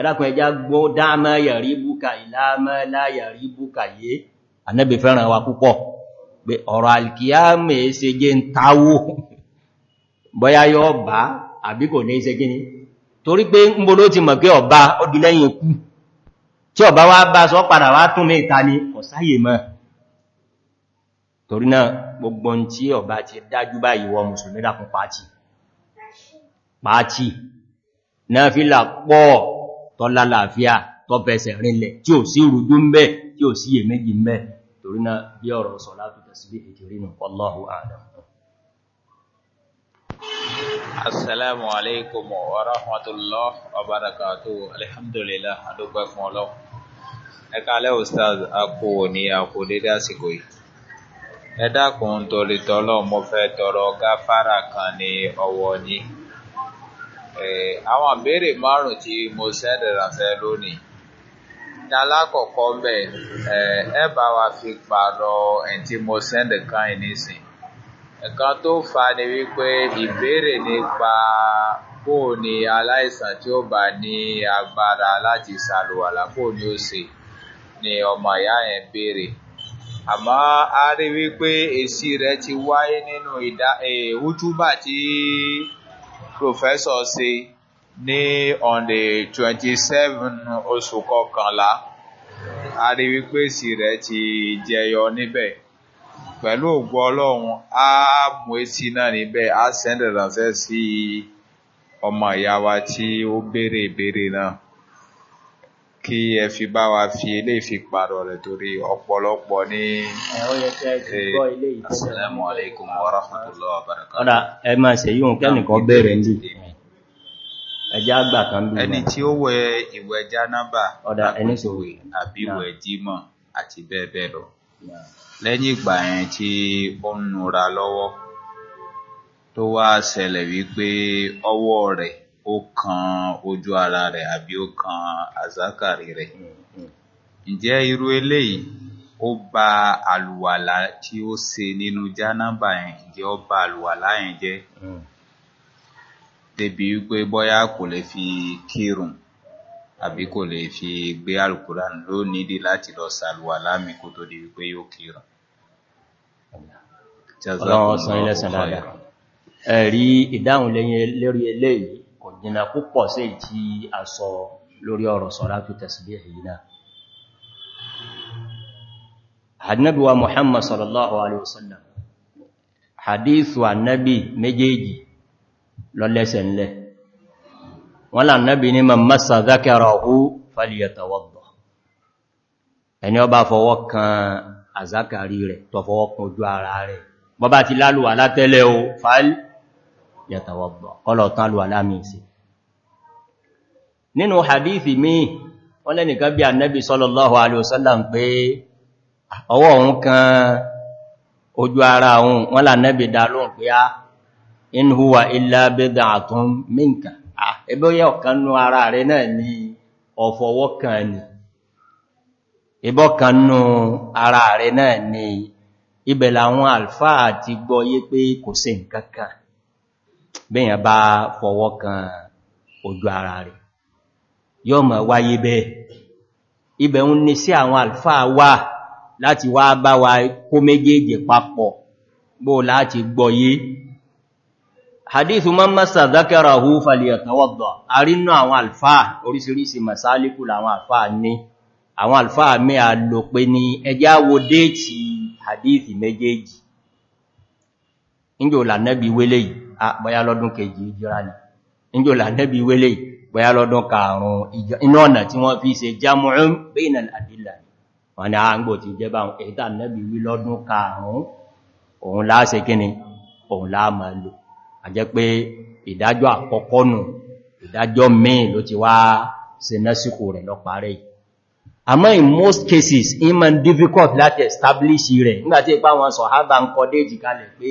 ẹ̀dàkùn ẹja gbọ́ dáàmà yàrí búkà ìlàmà láyàrí búkà yé ànẹ́bì fẹ́ràn wa púpọ̀ pé ọ̀rọ̀ alkiyame ṣe jẹ́ ń táwó bọ́yá yọ bá àbí kò ní ṣe gíní torí pé ń bó ló ti mọ̀ pé ọba ọdún lẹ́yìn ikú tí ọba wá bá sọ padà wá tún ní náà fi là pọ̀ tó lálàáfíà tó bẹ̀ẹ̀sẹ̀ rinlẹ̀ tí ò sí rújú ń bẹ́ tí ò sí èméjì ń bẹ́ torí náà bí ọ̀rọ̀ sọ̀látù tasbih ìkìrí nù wallahu a'lam assalamu alaikum wa rahmatullah wa barakatuh alhamdulillah adúgbà fún ọlọ́ ẹkàlẹ́ ustaz akó kan ní ọwọ́ yìí Eh, àwọn àbẹ̀rẹ̀ márùn ún tí mo sẹ́ndẹ̀ ránṣẹ́ lónìí ní kọ̀kọ́ mbẹ̀ eh, ẹ bá wa fi pààrọ̀ ẹ̀ tí mo sẹ́ndẹ̀ kan yìí nísìn nǹkan tó fa ni wípé ìbéèrè nípa kó ní aláìsàn tí ó bá ní agbára láti ṣàlùwàlà kó ní ó ṣe ni ọmọ ìyá yẹn béèrè àmọ́ a rí wípé èsì rẹ̀ ti wáyé nínú ìdá ẹ̀ eh, wútúbà tí. Eh, professor ṣe ní on the twenty seven oṣù kọkànlá a rí wípé èsì rẹ̀ ti jẹyọ níbẹ̀ pẹ̀lú ògbó ọlọ́run á mú èsì náà níbẹ̀ á sẹ́ńdẹ̀ ránṣẹ́ sí ọmọ ìyá wa tí ó béèrè ìbéèrè náà kí ẹ fi bá wa fi ilé fi pàrọ̀ rẹ̀ torí ọ̀pọ̀lọpọ̀ ní assalamu alaikum wa rahmatullahi wa barakatuh. ọ̀dá ẹ máa ṣe yíò kẹ́nìkan bẹ̀rẹ̀ ní ẹjá àgbà kan bí ẹni tí ó wẹ ìwẹ̀ jánábà ọ̀dá ẹni sòwè àbí ìwẹ̀ jímọ̀ àti bẹ́ẹ̀ bẹ́ẹ̀ lọ lẹ́yìn ìgbà yẹn tí ó ń nura lọ́wọ́ tó wá ṣẹlẹ̀ wípé ọwọ́ rẹ̀ ó kan ojú ara rẹ̀ àbí ó kan àzákàrí rẹ̀. Mm, mm. Ǹjẹ́ irú eléyìí ó ba àlùwàlá tí ó ṣe nínú jánábà yẹn ǹjẹ́ ó ba àlùwàlá yẹn jẹ́ mm. débi wípé bóyá kò lè fi kírun àbí kò lè fi gbé alukuran ló nídìí láti lọ ṣàlùwàlá mi kó tó di wípé yóò kírun. Ọlọ́run ọ̀sán ilẹ̀ sàdára. Ẹ̀rí ìdáhùn lẹ́yìn lérí eléyìí ọ̀jìnà púpọ̀ sí tí a sọ lórí ọ̀rọ̀ sọ̀látù tasbih yìí náà annabi wa muhammad sallallahu alaihi wasallam hadithu annabi méjèèjì lọ́lẹ́sẹ̀ ńlẹ̀ wọ́n lá annabi ní man massa dhakarahu falyatawadda ẹni ó bá fọwọ́ kan àzákàrí yàtàwàbọ̀ kọ́lọ̀ tán lù alámi nínú hadithi mi wọ́n lẹ́nìkan bí annabi sallallahu alaihi wasallam pé ọwọ́ òun kan ojú ara òun wọ́n lànàbì dá lóhùn pé á ah, in huwa illa bid'atun minka ẹbẹ́ ah, yẹ ọ̀kan ara rẹ̀ náà ni ọ̀fọwọ́ kan ni bẹ́yàn bá fọwọ́ kan ojú ara rẹ̀ yọ́ mọ̀ wáyé bẹ́ẹ̀ ibẹ̀ ń ní sí àwọn àlfáà wà láti wá bá wa kó méjèèjì papọ̀ bó láti gbọ́yé hadithu man masa dhakarahu falyatawadda arínú àwọn àlfáà orísìírísìí masálikù làwọn àlfáà ní àwọn àlfáà mẹ́ àlò pé ní ẹjá wo déètì hadithi méjèèjì níjò la wélé yìí Ah, bọ́yá lọ́dún kejì ìjọra ni níjò lànẹ́bí wélé bọ́yá lọ́dún karùn iná ọ̀nà tí wọ́n fi ṣe jamu'un bayna al-adilla wọn ni àgbò ah, ti jẹba ẹ̀ta nẹ́bí wí lọ́dún karùn òun láàṣẹ kíni òun láàmà lò a jẹ́ pé ìdájọ́ àkọ́kọ́ nù ìdájọ́ míì ló ti wá ṣe násìkò rẹ̀ àmọ́ in most cases in man difficult láti establish rẹ̀ nígbàtí ipá wọn sọ̀hábà ń kọ́ déjì kalẹ̀ pé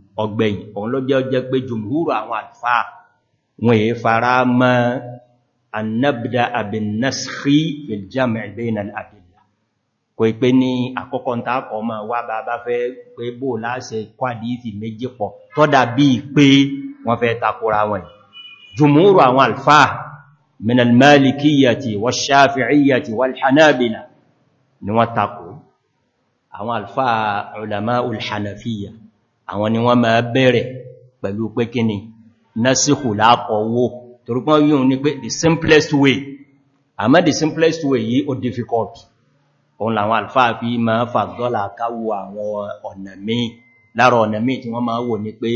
ọgbẹ̀yìn òun ló jẹ́ jẹ́ pé jùmúrù àwọn àlfà wọn èé fara mọ́ annabda abinnaskhi fil jami' bayna al-adilla kò ipé ní àkọ́kọ́ ta kọ mọ́ wá bá bá fẹ́ pé bó láṣẹ kwàdìtì méjì pọ̀ tọ́dà bí pé wọ́n fẹ́ takora wọn jùmúrù àwọn àlfà min al-malikiyyati ni wọ́n takò àwọn àlfà ulama ul àwọn ni wọ́n máa bẹ̀rẹ̀ pẹ̀lú pé kí ni násìkò lápọ̀wó torúpọ̀ yíò ní pé the simplest way àmọ́ the simplest way yí o difficult òun làwọn alfáà fi ma fàgọ́là káwò àwọn ọ̀nà míì lára ọ̀nà míì tí wọ́n máa wò ní pé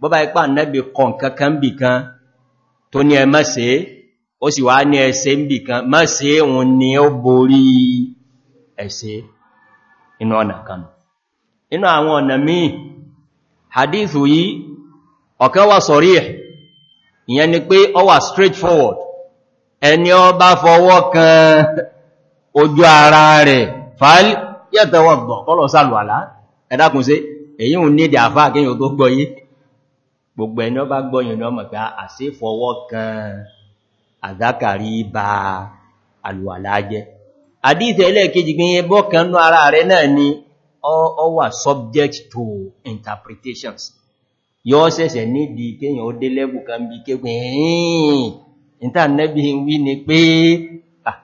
bọ́bá ipá nẹ́bì kan kankan bì kan tó ní ẹ mẹ́sẹ̀ ó sì wá ní ẹsẹ̀ bì kan mẹ́sẹ̀ òun ni ó borí ẹsẹ̀ inú ọ̀nà kan inú àwọn ọ̀nà míì hadithu yìí ọ̀kan wà sarih ìyẹn ni pé ọ wà straightforward ẹni ọ bá fọwọ́ kan ojú ara rẹ̀ fàálì yẹ́tẹ̀wọ̀ gbọ̀ kọ́lọ̀ sàlùwàlá ẹ̀dàkùn sí èyí ò ní ìdàfà kí yíò tó gbọ́ yí gbogbo ẹni ọ bá gbọ́yìn ní ọmọ pé ah, àṣí fọwọ́ kan àdákàrí bá àlùwàlá jẹ́ àdíìtẹ̀ ẹlẹ́ẹ̀kejì gbìyànjẹ́ bọ́ kan ní ara rẹ̀ náà ni ọ wà subject to interpretations yóò ṣẹ̀ṣẹ̀ nídi kéyàn ó dé lẹ́bù kan bí kégbìn ẹ̀yìn ìta nẹ́bí wí ni pé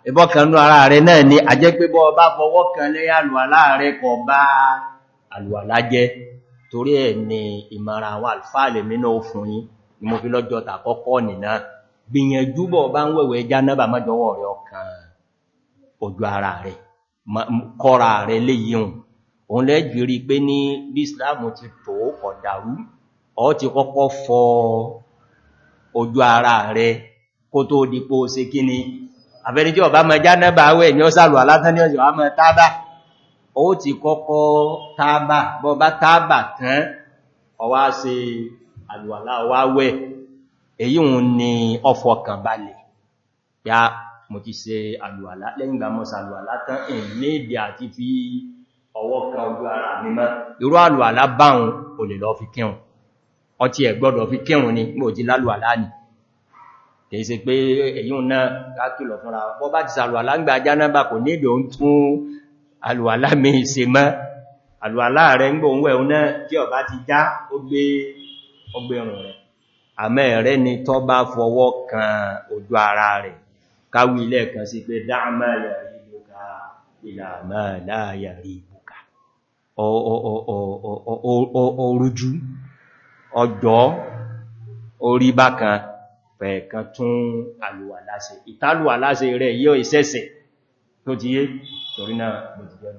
ẹbọ́kanú ara rẹ̀ náà ni a jẹ́ pé bọ́ ọba fọwọ́ kan lẹ́yà alùwàlá rẹ̀ kọ bá alùwàlá jẹ́ torí ẹ̀ ni ìmọ̀ràn àwọn alfáàlẹ̀ mínú òfin yí ni mo fi lọ́jọ́ tàkọ́kọ́ nìna gbìyànjú bọ̀ bá ń wẹ̀wẹ̀ jánábà mọ́jọ́wọ́ rẹ̀ ọkàn ojú ara rẹ̀ kọ́ra rẹ̀ léyìn òun lẹ́jì rí pé ní bí islam ti tó kọ̀ dàrú ọ ti kọ́kọ́ fọ ojú ara rẹ kó tó dípò ṣe kí ni àbẹni tí ọba mẹjá nẹ́bà awẹ́ ní ọ́sàlù alátán ní ọjọ́ àmọ́ tábà ó ti kọ́kọ́ tábà bọba tábà tán ọwá ṣe àlùwàlá wáwẹ́ èyí òun ni ọfọkàn balẹ̀ ya mo ti ṣe àlùwàlá lẹ́yìn gbàmọ́sàlù alátán ẹ̀ ọwọ́ kan ojú ara mi mọ́ irú àlùwàlá báhùn ò lè lọ fi kírun ọtí ẹ̀ gbọ́dọ̀ fi kírun ni mò jí lálùwàlá ni kìí ṣe pé èyún náà kákìlọ̀ fúnra bọ́ bá ti sàlùwàlá ń gba ajá náà bà kò nílò ń tún àlùwàlá mi ṣe mọ́ àlùwàlá rẹ̀ ń gbò ń wẹ̀ náà tí ọba ti já ó gbé ọgbẹ̀rún rẹ̀ àmẹ́ rẹ̀ ni tọ́ bá fọwọ́ kan ojú ara rẹ̀ káwí ilẹ̀ kan sí pé dáàmà yàrí orújú ọjọ́ orí bákan pẹ̀ẹ̀kan tún alùwàláṣe ìtàlùwàláṣe rẹ̀ yíò ìṣẹ́sẹ̀ tó ti yé torí náà bó ti jẹ́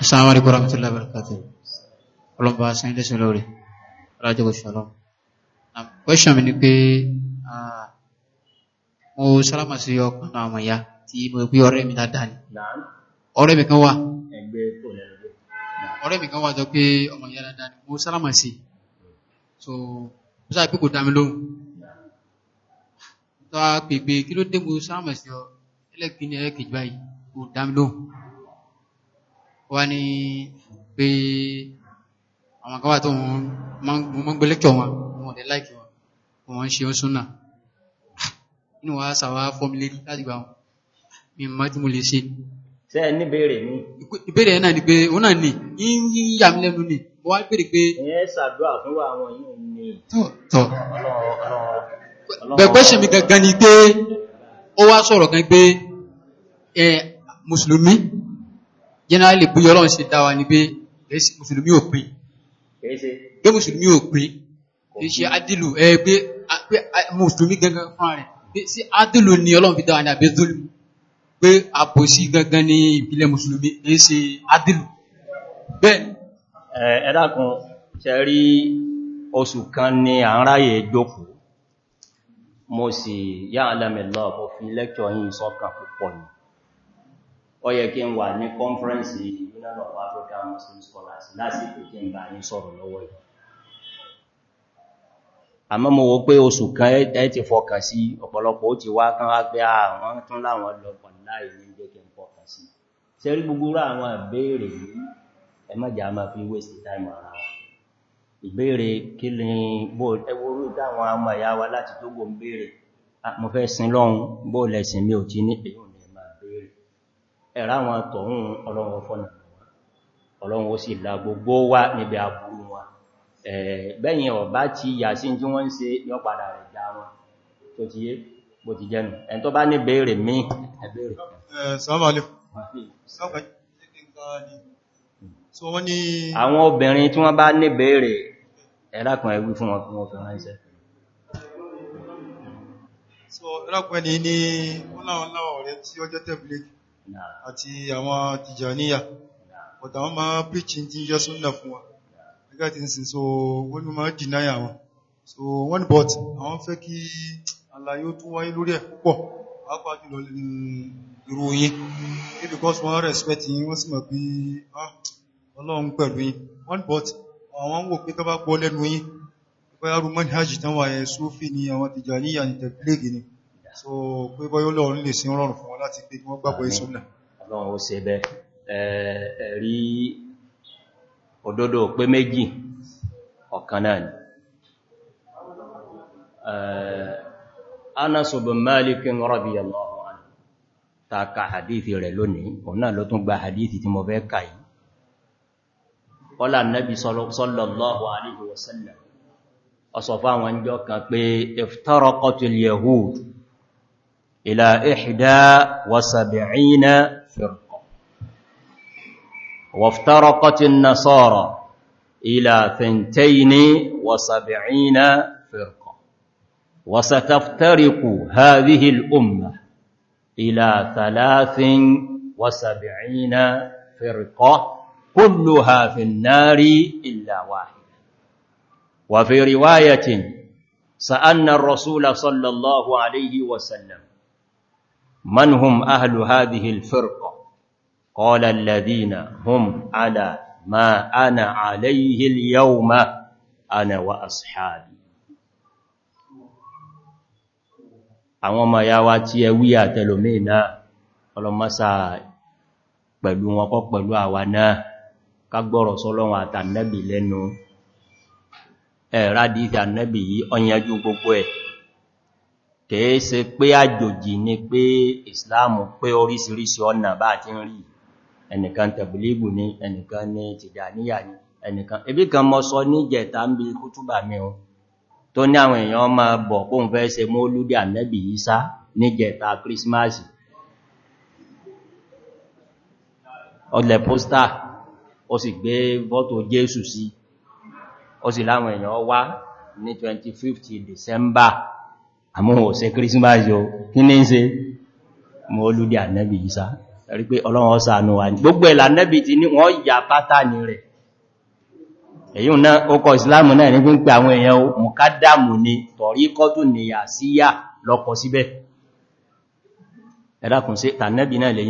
Assalamu alaikum warahmatullahi wabarakatuh. Ọlọ́pàá sí ilé ṣe lórí rájọ́ ṣọ́lọ́ question mi ni pé mo sálámà sí ọkàn náà àmọ̀ ya tí mo gbé ọ̀rẹ́ mi dáadáa ni ọ̀rẹ́ mi kan wà ọ̀rẹ́ mi kan wà jọ pé ọmọ ìyá dáadáa ni mo sálámà sí so mo sáà pé kò dá mi lóhùn tó a pè pé kí ló dé mo sálámà sí ọ ẹlẹ́gbẹ̀ẹ́ ní ẹlẹ́kejì báyìí kò dá mi lóhùn wá ní pé àwọn kan wà tó wọn mọ́ gbé lẹ́kṣọ̀ wọn wọn ọ̀dẹ̀ láìkì wọn wọn ṣe ọ́súnà inú wa sàwà fọ́mílé láti gbà wọn mi má tí lè ṣe ṣe ní béèrè ní ni pé òun náà ni yí yà ni mo wá béèrè pé ẹ̀yẹ́ ṣàdúrà fún wa àwọn yìí ni tọ̀ bẹ̀pẹ́ ṣe mi gangan ni pé ó wá sọ̀rọ̀ kan pé ẹ mùsùlùmí generally bóyá ọlọ́run ṣe dá wa pé mùsùlùmí ò pé mùsùlùmí ò pín kì í ṣe adìlù ẹ pé mùsùlùmí gangan fúnra rẹ̀ pé sí adìlù ni ọlọ́run fi dá wa ní àbí dúlù pé àbòsí gangan ní ìpìlẹ̀ mùsùlùmí kì í ṣe adìlù bẹ́ẹ̀. ẹ dákun ṣe rí oṣù kan ni à ń mo sì yá àlámẹ̀lọ́ mo fi lẹ́kọ̀ọ́ yìí sọ́kàn púpọ̀ yìí ó yẹ kí n wà ní kọ́nfẹ́rẹ́nsì union of african muslim scholars lásìkò kí n bá yín sọ̀rọ̀ lọ́wọ́ yìí àmọ́ mo wò pé oṣù kan ẹ ti fọkàn sí ọ̀pọ̀lọpọ̀ ó ti wá kán wá pé àwọn tún láwọn lọ pọ̀ láì ní jẹ́ kí n fọkàn sí ṣe rí gbogbo àwọn ìbéèrè yìí ẹ má jà máa fi waste time ara wa ìbéèrè kí ni bó ẹwọ́rú táwọn ọmọ ìyá wa láti Tógò ń béèrè mo fẹ́ sin lọ́hun bó lẹ́sìn mi ò ti ní èyí ẹ̀rá wọn tọ̀hún ọlọ́run fọ́nà ọlọ́run ó sì la gbogbo wá níbi àbúrú wọn bẹ́yìn ọ̀bá ti yà sí tí wọ́n ń ṣe yọ padà rẹ̀ já wọn tó ti yé bó ti jẹ́nu ẹn tó bá ní béèrè mí àwọn obìnrin tí wọ́n bá ní béèrè ẹ̀lákan ẹgbí fún wọn fún ọkùnrin ránṣẹ́ so ẹlọ́pẹ́ ni ní wọ́n láwọn láwọn ọ̀rẹ́ tí ó jẹ́ tẹ́bílẹ̀kì àti àwọn tìjàníyà ọ̀dà wọn máa píchì tí yẹ́ súnnà fún wa nígbà tí ń sin so wọ́n ni máa dìnáyà wọn so wọ́n ni bọ̀t àwọn fẹ́ kí àlàyé ó tún wáyé lórí ẹ̀ púpọ̀ pàápàá jùlọ ìròyìn because wọ́n respect yín wọ́n sì mọ̀ pé ah, ọlọ́run pẹ̀lú yín wọ́n ni bọ̀t àwọn wò pé tọ́bá gbọ́ lẹ́nu yín bóyá rú mọ́ni hajj tán wà ẹ̀ sófin ni àwọn tìjàníyà ni ni so pé bọ́yọ́ lọ́run lè sí rọrùn fún wọn láti pé wọ́n gbàgbọ́ ìsúnà ọlọ́run ó ṣe bẹ́ ẹ̀rí òdodo pé méjì ọ̀kan náà ni Anas bin Malik radiyallahu anhu ta ka hadithi rẹ̀ lónìí òun náà ló tún gba hadithi tí mo fẹ́ kàí ọlá nabi sallallahu alaihi wasallam ọsọ̀fá àwọn ìjọ kan pé iftaraqatil yahud إلى إحدى وسبعين فرقة وافترقت النصارى إلى ثنتين وسبعين فرقة وستفترق هذه الأمة إلى ثلاث وسبعين فرقة كلها في النار إلا واحدة وفي رواية سأن الرسول صلى الله عليه وسلم من هم أهل هذه الفرقة قال الذين هم على ما أنا عليه اليوم أنا وأصحابي àwọn ọmọ ya wá tí ẹ wí àtẹlòmí náà ọlọ́mọ́sá pẹ̀lú wọn kọ́ pẹ̀lú àwa náà kágbọ́rọ̀ sọ́lọ́wọ́n àtànẹ́bì lẹ́nu ẹ̀rádìí àtànẹ́bì yí ọ̀yẹ́jú gbogbo ẹ̀ kèé ṣe pé àjòjì ni pé ìsìláàmù pé oríṣiríṣi ọ̀nà bá ti ń rí ẹnìkan tẹ̀bìlìgù ní ẹnìkan ní tìjàníyà ní ẹnìkan ebí kan mọ́ sọ ní jẹta ń bí kútúbà mẹ́un tó ní àwọn èèyàn ma bọ̀ kó ń fẹ́ ṣe mọ́lúdì ànẹ́bì Ìsá ní jẹta kírísímásì ọlẹ̀ póstà ó sì gbé bọ́tò Jésù sí ó sì láwọn èèyàn wá ní 25 December àmọ́ ò ṣe kírísímásì o kí ní ṣe mọ́ olúdí ànẹ́bì ìsá rí pé ọlọ́run ó ṣàánú wa ní gbogbo ẹ̀lá ànẹ́bì ti ní wọ́n yà pátánì rẹ̀ èyí na ó kọ náà ní pín àwọn èèyàn mùkádàmù ni tọ̀rí kọ́tù nìyà síyà lọ́kọ síbẹ̀ ẹ̀dàkùn sí tànẹ́bì náà ya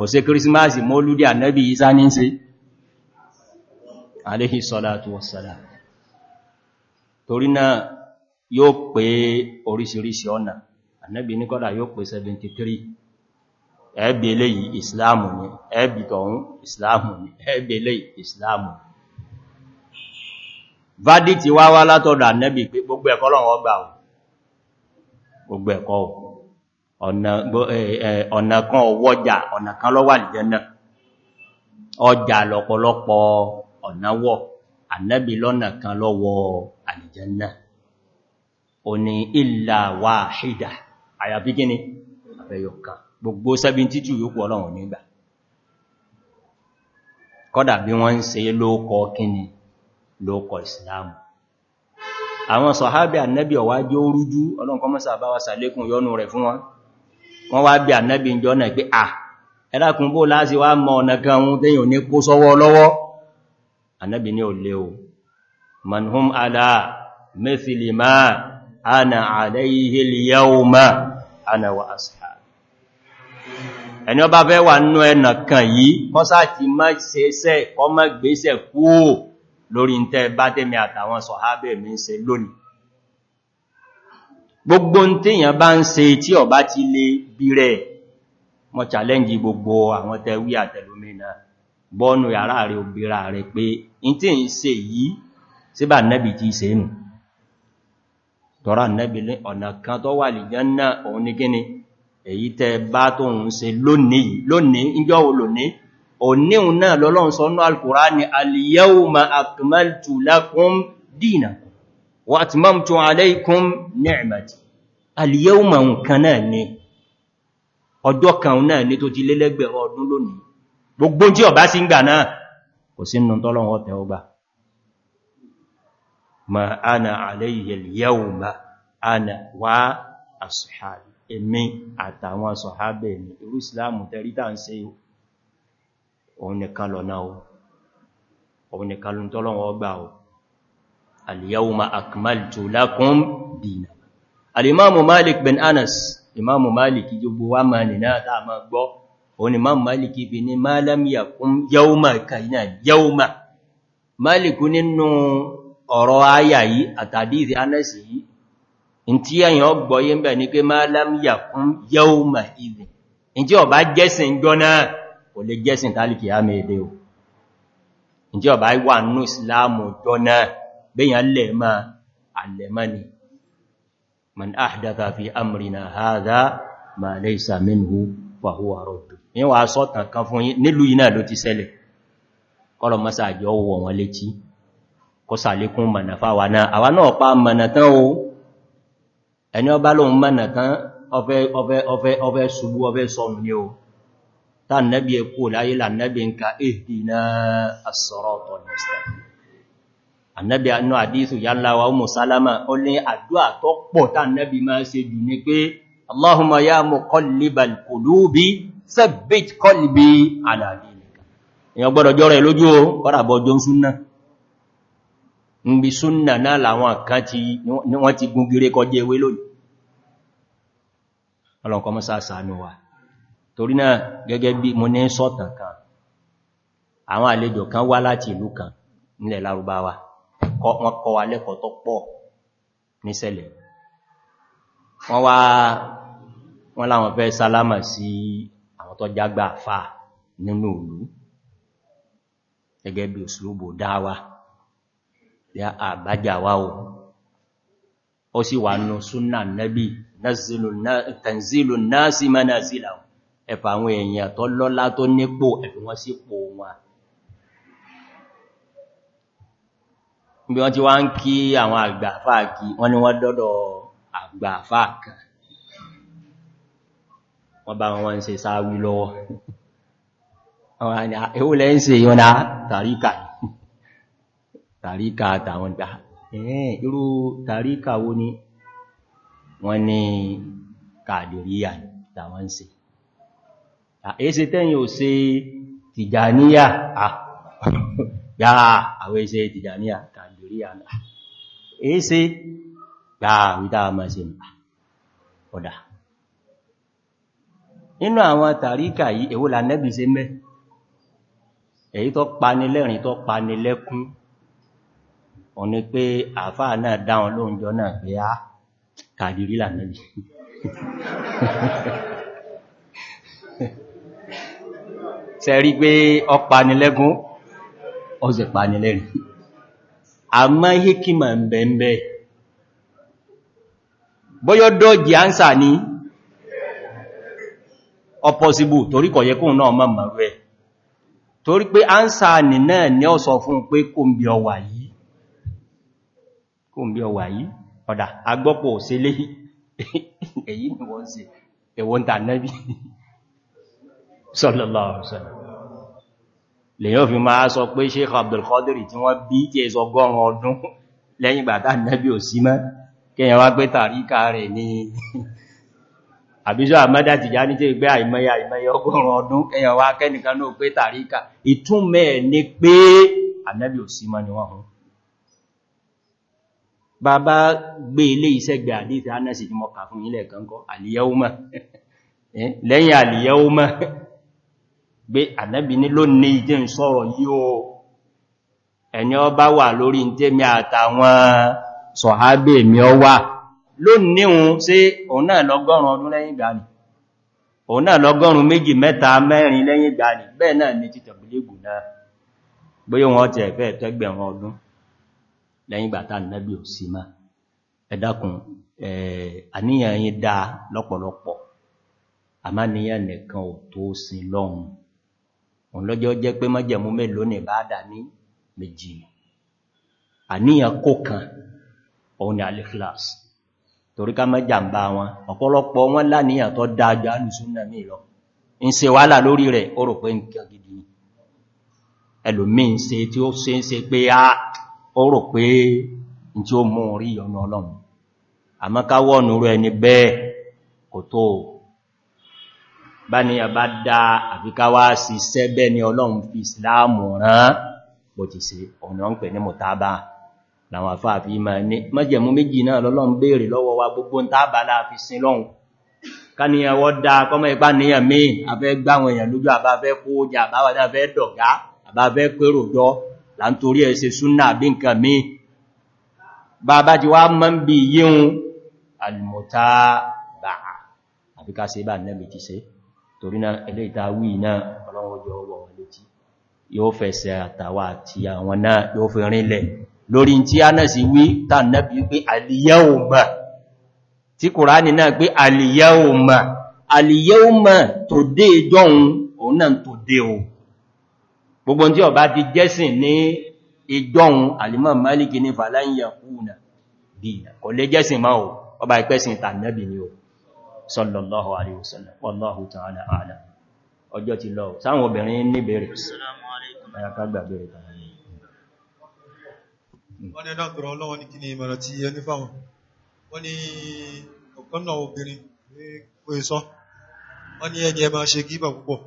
kò sí kírísímásì mọ́lúdí ànábì Ìsá ní sí aléhì sọ́látù torí náà yóò pé oríṣiríṣi ọ̀nà ànábì ní yóò pé 73 ẹ́bí eléyìí islamu ni ẹ́bí tọ̀hún islamu ni ẹ́bí eléyìí islamu látọ̀dọ̀ ọ̀nà kan ọwọ́jà ọ̀nà kan lọ́wà àlìjẹ́nà ọjà lọ́pọ̀lọpọ̀ ọ̀nà wọ̀ lọ́nà kan lọ́wọ́ àlìjẹ́nà o ni ìlà wàhídà àyàfi gbogbo 72 yóò pọ̀ ọlọ́run nígbà kọ́dà bí wọ́n ń se lóòkọ́ kíni lóòkọ́ ìsìláàmù àwọn sọ̀hábẹ̀ bá wa sàlékùn rẹ̀ fún wọn wọ́n wá bí ànábì ìjọ náà pé à ẹ̀dàkùn bó láti wá mọ ọ̀nà kan ohun tẹ́yìn ní kó sọ́wọ́ lọ́wọ́ ànábì ní olè o manhum ala mithli ma ana alayhi al-yawma ana wa ashabi ẹni ọba fẹ́ wà nínú ẹ̀nà kan yìí kọ́ sáti má ṣeṣẹ́ kọ́ má gbéṣẹ̀ kúò lórí ń tẹ́ bá tẹ́mi àtàwọn sọ̀hábẹ̀ mi ń ṣe lónìí gbogbo ń tíyàn bá ń ṣe tí ọ̀bá ti lè bí rẹ̀ mọ́ challenge gbogbo àwọn tẹ́wí àtẹ̀lómìnà bọ́ọ̀nù yàrá rẹ̀ òbíra rẹ̀ pé in tí ń ṣe yìí síbà nẹ́bì ti ṣe nù tọ́rà nẹ́bì ní ọ̀nà kan tó wà lè jẹ́ òun ní gíní èyí tẹ bá tó ń ṣe lónìí lónìí ìjọ́ wa atmamtu alaykum ni'mati al-yawma nǹkan náà ni ọjọ́ kan náà ni tó ti lélẹ́gbẹ̀rún ọdún lónìí gbogbo tí ọba sí ń gbà náà kò sí nù tọ́lọ́wọ́ tẹ ọgbà ma lọ́nà òun nìkan lọ́nà tọ́lọ́wọ́ gbà al-yawma akmaltu lakum dinakum al-imamu malik bin anas imamu malik gbogbo wa ma nìna ta ma gbọ́ òun imamu malik bi ni ma lam yakun yawma kaina yawma malik nínú ọ̀rọ̀ ayà yìí àtàdíìsì anẹ́sì yìí in tí ẹ̀yàn ọgbọ̀yé ń bẹ̀ ní pé ma lam yakun yawma idhin in tí ó bá jẹ́sìn gbọ́nà kò lè jẹ́sìn tálìkì àmì o in tí ó bá wà nínú ìsìláàmù gbọ́nà bẹ́yàn lẹ́ẹ̀má àlẹ́má ni man ahdatha fi amrina hadha ma laysa minhu fa huwa radd ní wà sọ́tàn kan fún yín nílùú iná ló ti ṣẹlẹ̀ kọ́lọ̀ mọ́sá àjọ wọ̀ wọn létí kó sàlékún mọ̀nà fáwà náà àwa náà pa mọ̀nà tán o ẹni ọba lóhun mọ̀nà tán ọfẹ́ ṣubú ọfẹ́ sọnù ni o tá nẹ́bí ẹkù láyé là nẹ́bí ń ka ihdina as-sirata al annabi anu hadithu yalla wa umu salama ó ní àdúà tó ta annabi ma ṣe jù ní pé allahumma ya muqallibal qulubi sabbit qalbi ala dinika èyàn gbọ́dọ̀ jore lójú o ora bo jo sunna nbi sunna na làwọn kan ni ti gun ko je we lónìí olon ko mo sa wa mo kan kan wọ́n kọ́ wa lẹ́kọ̀ọ́ tó pọ̀ níṣẹ̀lẹ̀ wọ́n wá wọ́n láwọn fẹ́ sálámà sí àwọn tó jágbà fà nínú ìlú gẹ́gẹ́ bí òsìlúbò dáwà ya àbájá wá o ó sì wà nù súnà nẹ́bí tanzilu náà sí mẹ́nà sílà ẹ̀fà àwọn èèyàn tó lọ́lá tó nípò ẹ̀fì wọ́n sípò wọn bí wọ́n ti wá ń kí àwọn àgbàfà kí wọ́n ni wọ́n dọ́dọ̀ àgbàfà kan wọ́n bá wọn ń se sáwí lọ́wọ́ ẹwọ́ ah, lẹ́ ń se yọ́nà ah, tàríkà tàríkà àtàwọn ìgbà ẹ̀ẹ́ irú tàríkà wo ni wọ́n ni kàdìríyà tàwọn ń se èése àwọn èése tìjàníyà ah, kèfèrí àdá èé ṣe gbáàrídá ma ṣe mọ̀ ọ̀dá nínú àwọn tàríkà yìí èwo la nẹ́bì ṣe mẹ́ èyí tó pani lẹ́rin tó pani lẹ́kún ọ̀nà pé àfáà náà dáhùn lóúnjọ náà pé á kàdìrí là nẹ́bì ṣe rí pé ọpanilẹ́gún ọ̀sẹ̀ panilẹ́rin àmọ́ hikima bẹ̀m̀bẹ̀ mbembe dọ́jì ánsà ní ọpọ̀síbù torí kọ̀yẹ́kùn náà rẹ̀ torí pé ánsà náà ní fún pé kò ń bí ọwà yìí ọ̀dà agbọ́pọ̀ èyí ni wọ́n ẹ̀wọ́n lèyàn fi máa sọ pé Sheikh Abdul Qadir tí wọ́n bí tí è sọ gọ́rùn ọdún lẹ́yìn bàtà nẹ́bí ò sí mẹ́ kíyàn wá pé tàríkà rẹ̀ ní àbíṣọ́ àmọ́dá ti já ní tí gbé àìmẹ́yà àìmẹ́yà ọgọ́rùn ọdún kíyàn wá kẹ́nìkan náà pé tàríkà ìtúnmẹ́ ní pé ànẹ́bí ò sí mọ́ ni wọ́n hun bàbá gbé ilé ìṣẹ́gbẹ̀ gbé ànábì ní ló ní ìdí ń sọ̀rọ̀ yí o ẹni ọ bá wà lórí tẹ́mi àtàwọn sọ̀hábẹ̀ mi ọ wà ló níhun sí òun náà lọ́gọ́rùn ọdún lẹ́yìn ìgbàni òun náà lọ́gọ́rùn méjì mẹ́ta mẹ́rin lẹ́yìn ìgbàni bẹ́ẹ̀ náà ní ti tẹ̀bùlégù náà òun lọ́jọ́ jẹ́ pé májẹ̀mú mélòó ní ìbáadà ní méjì àníyàn kó kan òun ni al torí ká mẹ́jàmbá wọn ọ̀pọ̀lọpọ̀ wọn láníyàn tó dájá lùsúnnà lọ ń ṣe wàhálà lórí rẹ̀ ó rò pé tí ń ṣe pé á n bá ní àbá dá àfikáwá sí sẹ́bẹ́ ní ọlọ́run fi ìsìláàmù rán bó ti ṣe ọ̀nà ń pè ní mọ̀tábà láwọn àfáà fi ma ní májẹ̀mú méjì náà lọ́lọ́run béèrè lọ́wọ́ wa gbogbo ń tábà láàfi sí lọ́hun káníyàwó dá kọ́mọ́ ipá níyàn mí àfẹ́ se bá nẹ́bì ti se torí náà ẹlẹ́ ìtawí náà ọlọ́wọ́ jọ ọwọ́ wọn létí yóò fẹsẹ̀ àtàwà àti àwọn náà yóò fi rinlẹ̀ lórí tí a náà sì wí tàbí pé àlìyàwòmà tí kùránì náà pé àlìyàwòmà àlìyàwòmà tó dé ìjọun òun náà tó dé o gbogbo tí ọba ti jẹ́sìn ní ìjọun o sallallahu alayhi wa sallam wallahu ta'ala a'lam ọjọ́ ti lọ sáwọn obìnrin ní bèèrè ayaka gbà bèèrè tààrà ní wọ́n ni dr ọlọ́wọ́ ní kí ni ìmọ̀ràn tí ẹni fáwọn wọ́n ni ọ̀kan náà obìnrin pé e sọ wọ́n ni ẹni ẹ máa ṣe gíbà púpọ̀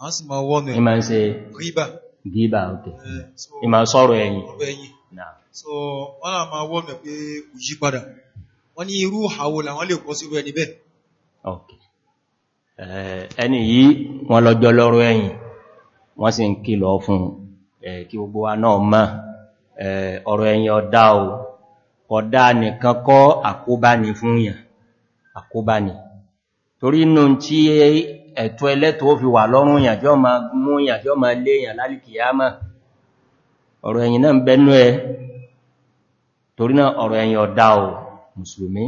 wọ́n sì máa wọ́n ní máa ṣe gíbà gíbà ok ìmọ̀ sọ́rọ̀ ẹ̀yìn so wọ́n náà máa wọ́n mẹ́ pé kò yí padà wọ́n ni irú àwọ̀ làwọn lè kọ́ sí ẹni bẹ́ẹ̀ Eh, ẹni yìí wọ́n lọ́jọ́ lọ́rọ̀ ẹ̀yìn wọ́n sì ń kìlọ̀ fún eh, kí gbogbo wa náà ma eh, ọ̀rọ̀ ẹ̀yìn ọ̀dá o ọ̀dá nìkan kọ́ àkóbáni fún yàn àkóbáni torí inú tí ẹ̀tọ́ ẹlẹ́tọ́ fi wà ma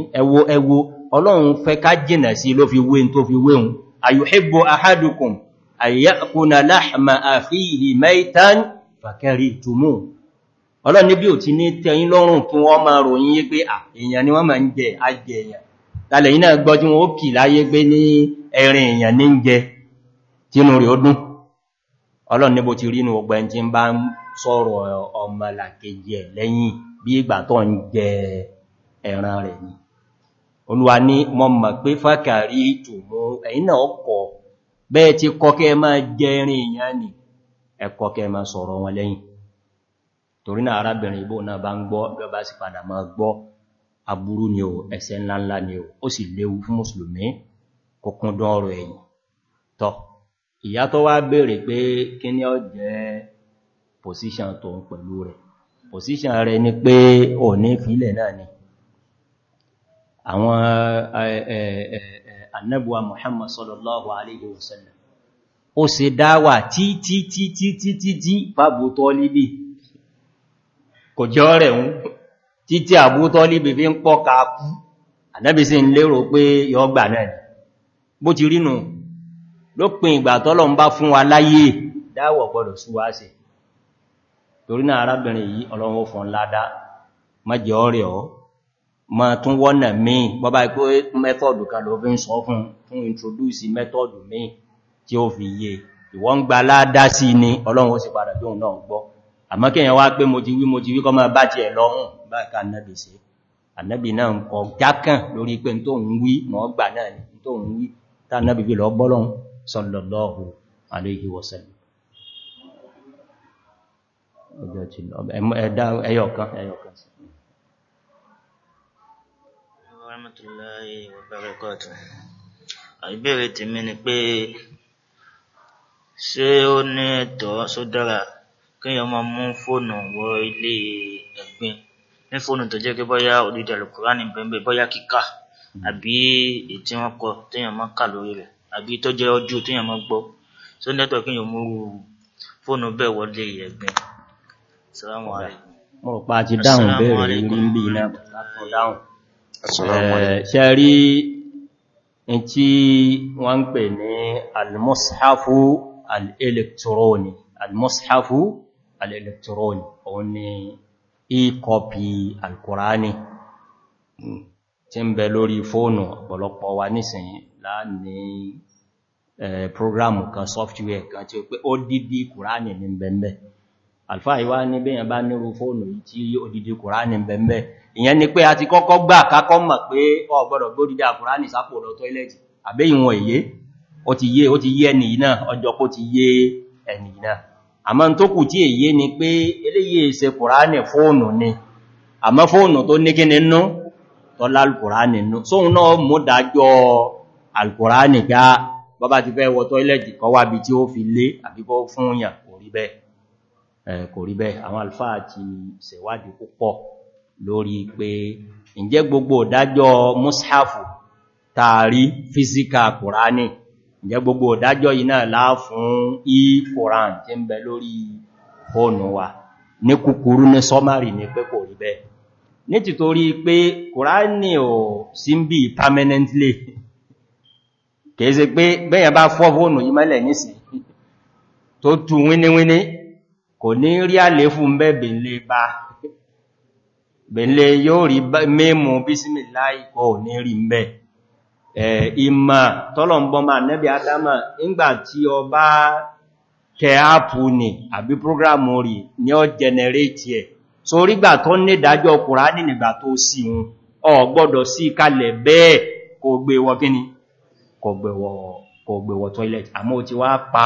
ẹ o ọlọ́run fẹ́ ká jìnà sí ló fi wé tó fi wéhun ayuhibbu ahadukum ayyakuna lahma akhihi maitan tumu ọlọ́run ní bí ti ní tẹyin lọ́rùn kí wọ́n máa ròyìn yé pé èèyàn ni wọ́n máa ń jẹ ajẹ èèyàn lálẹ̀ gbọ́ tí wọ́n ó kì láyé ní ẹ̀rin ní lẹ́yìn bí ìgbà olúwa ní mọ́ mọ̀ pé fákàrí ìtùmú ẹ̀yin náà ọkọ̀ bẹ́ẹ̀ ti kọ́kẹ́ máa jẹrin ìyàn ni ẹkọ́kẹ́ máa sọ̀rọ̀ wọn lẹ́yìn torí náà arábìnrin ibò náà bá ń gbọ́ lọ́bá sì padà máa gbọ́ aburú ni o ẹ̀ṣẹ̀ ńláńlá ni o ó sì léwu fún mùsùlùmí kókún dán ọ̀rọ̀ ẹ̀yìn tọ́ ìyá tó wá béèrè pé kí ni ó jẹ́ pòsíṣàn tòun pẹ̀lú rẹ̀ pòsíṣàn rẹ̀ ni ni àwọn annabuwa muhammad sallallahu alaihi wasallam ó ṣe dáwà tí tí tí tí tí tí tí fàbù tọ́líbì kò jọ rẹ̀ ń títí àbú tọ́líbì fi ń pọ́ kaakú ànábì sí ń lérò pé yọ gbà náà bó ti rínú lópin ìgbà tọ́lọ̀ ń bá fún wa láyé dáwọ̀ gbọdọ̀ súwá sí torí náà arábìnrin yìí ọlọ́run fún ládá má jẹ́ ọ́ ma tún wọ́nà míì bọ́bá ikú mẹ́tọ̀dù kan ló fi ń sọ fún fún introduce mẹ́tọ̀dù míì tí ó fi yé ìwọ́n ń gba aládá sí ni ọlọ́run ó sì padà bí òun náà gbọ́ àmọ́ kíyàn wá pé mo ti wí mo ti wí kọ́ máa bá ti ẹ̀ lọ́rùn báyìí ká sí rahmatulahi wa barakatuh ìbéèrè tèmi ni pé ṣé ó ní ẹ̀tọ́ sódára kéèyàn máa mú fóònù wọ ilé ẹ̀gbin ní fóònù tó jẹ́ pé bóyá òdìdí àlùkùránì bẹ́ẹ̀ bóyá kíkà àbí èyí tí wọ́n kọ téèyàn máa kà lórí rẹ̀ àbí tó jẹ́ ọjọ́ téèyàn máa gbọ́ ṣé ó ní ẹ̀tọ́ kéèyàn mú fóònù bẹ́ẹ̀ wọlé ẹ̀gbin. Assalamu alaikum. mo rò pa ti dáhùn bẹ́ẹ̀ rẹ̀ ní bí iná dáhùn. Eh, ṣe rí in tí wọ́n ń pè ní al-mushafu al-elektroni al-mushafu al-elektroni òun ni e-copy al-kurani hmm. tí ń bẹ lórí fóònù ọ̀pọ̀lọpọ̀ wa nísìnyí láàní eh, programu kan software kan tí ó pé ó dìdí kùránì ní bẹ̀m̀bẹ̀ alfa ìwá ní bẹ́yàn bá nírú fóònù tí odidi kùránì bẹ̀m̀bẹ̀ ìyẹn ni pé a ti kọ́kọ́ gbà kákọ́ mọ̀ pé o gbọ́dọ̀ gbódídá kùránì sápò lọ tọ́ílẹ̀tì àbẹ́ ìwọ̀n èyé ó ti yé ó ti yé ẹni náà ọjọ́ kó ti yé ẹni náà àmọ́ tó kù tí èyé ni pé eléyìí ṣe kùránì fóònù ni àmọ́ fóònù tó ní kíni nú tọ́lá alkùránì nú sóhun náà mú dájọ́ alkùránì gá ah, bọ́bá ti fẹ́ kò rí bẹ́ẹ̀ àwọn alfáà ti ṣèwádìí púpọ̀ lórí pé ǹjẹ́ gbogbo ìdájọ́ mushafu tààrí físíkà kùránì ǹjẹ́ gbogbo ìdájọ́ iná láà fún e-quran tí ń bẹ lórí fóònù wa ní kúkúrú ní sọ́márì ní pé kò rí bẹ́ẹ̀ ní títorí pé kùránì ò sí ń bí permanently kèése pé bẹ́yàn bá fọ́ fóònù yí mẹ́lẹ̀ nísìn tó tú wíníwíní kò ní rí àléfù ń bẹ́ bèèlè bá bèèlè yóò rí mímú bísmìláì kò ní rí ń ìmà tọ́lọ̀mbọ́mà nẹ́bí adama tí ọ bá tẹ ápù ní àbí prógrámù rí ní ọ jẹnẹrétì ẹ̀ so rígbà tó ní ìdájọ́ kùránì nígbà ọ pa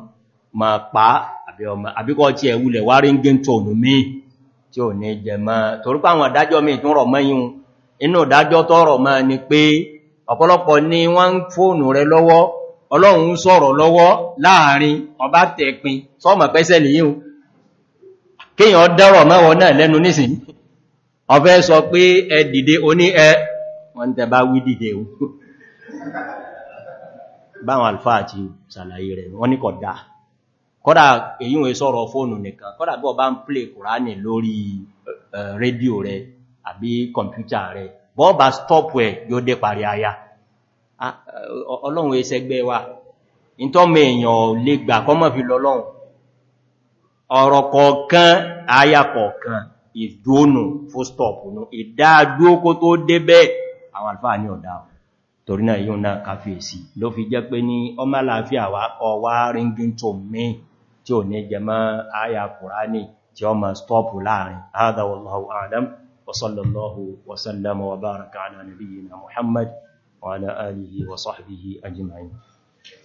ma pa àbíkọ́ tí ẹ̀ wulẹ̀ wárí ń gẹ́ tóònù mí tí ò ní jẹmọ́ torípa àwọn ìdájọ́ mi tún rọ̀ mẹ́yìn inú ìdájọ́ tó rọ̀ mọ́ ni pé ọ̀pọ̀lọpọ̀ ni wọ́n ń fóònù rẹ lọ́wọ́ ọlọ́run ń sọ̀rọ̀ lọ́wọ́ láàrin ọba tẹ̀pin sọ́mọ̀ pẹ́sẹ̀ lèyìn kíyàn dẹ́rọ̀ mẹ́wọ̀ náà lẹ́nu nísìn ọ̀fẹ́ sọ pé ẹ dìde oní ẹ wọ́n tẹ bá báwọn alfáà ti sàlàyé rẹ̀ wọ́n ní kódà kọ́dà èyí wọ́n sọ̀rọ̀ fóònù nìkan kọ́dà bọ́ bá ń play kùránì lórí rédíò rẹ̀ àbí kọmpútà rẹ̀ bọ́ bá stop ẹ̀ yóò dé parí aya ọlọ́run ẹsẹgbẹ́ wa in tó mẹ èèyàn lè gbà kọ́mọ̀ fi lọ́lọ́run ọ̀rọ̀ stop nù ìdáadó kó tó débẹ̀ àwọn àlfáà ní ọ̀dá torí náà yíò náà kàfíèsí ló fi jẹ́ pé ní ọmọ àlàáfíà wá ọwá ringing to me tí ò ní jẹmọ́ àyà kùránì tí ó ma stọ́pù láàrin hádà wallahu a'lam wa sallallahu wa sallama wa baraka ala nabiyyina muhammad wa ala alihi wa sahbihi ajma'in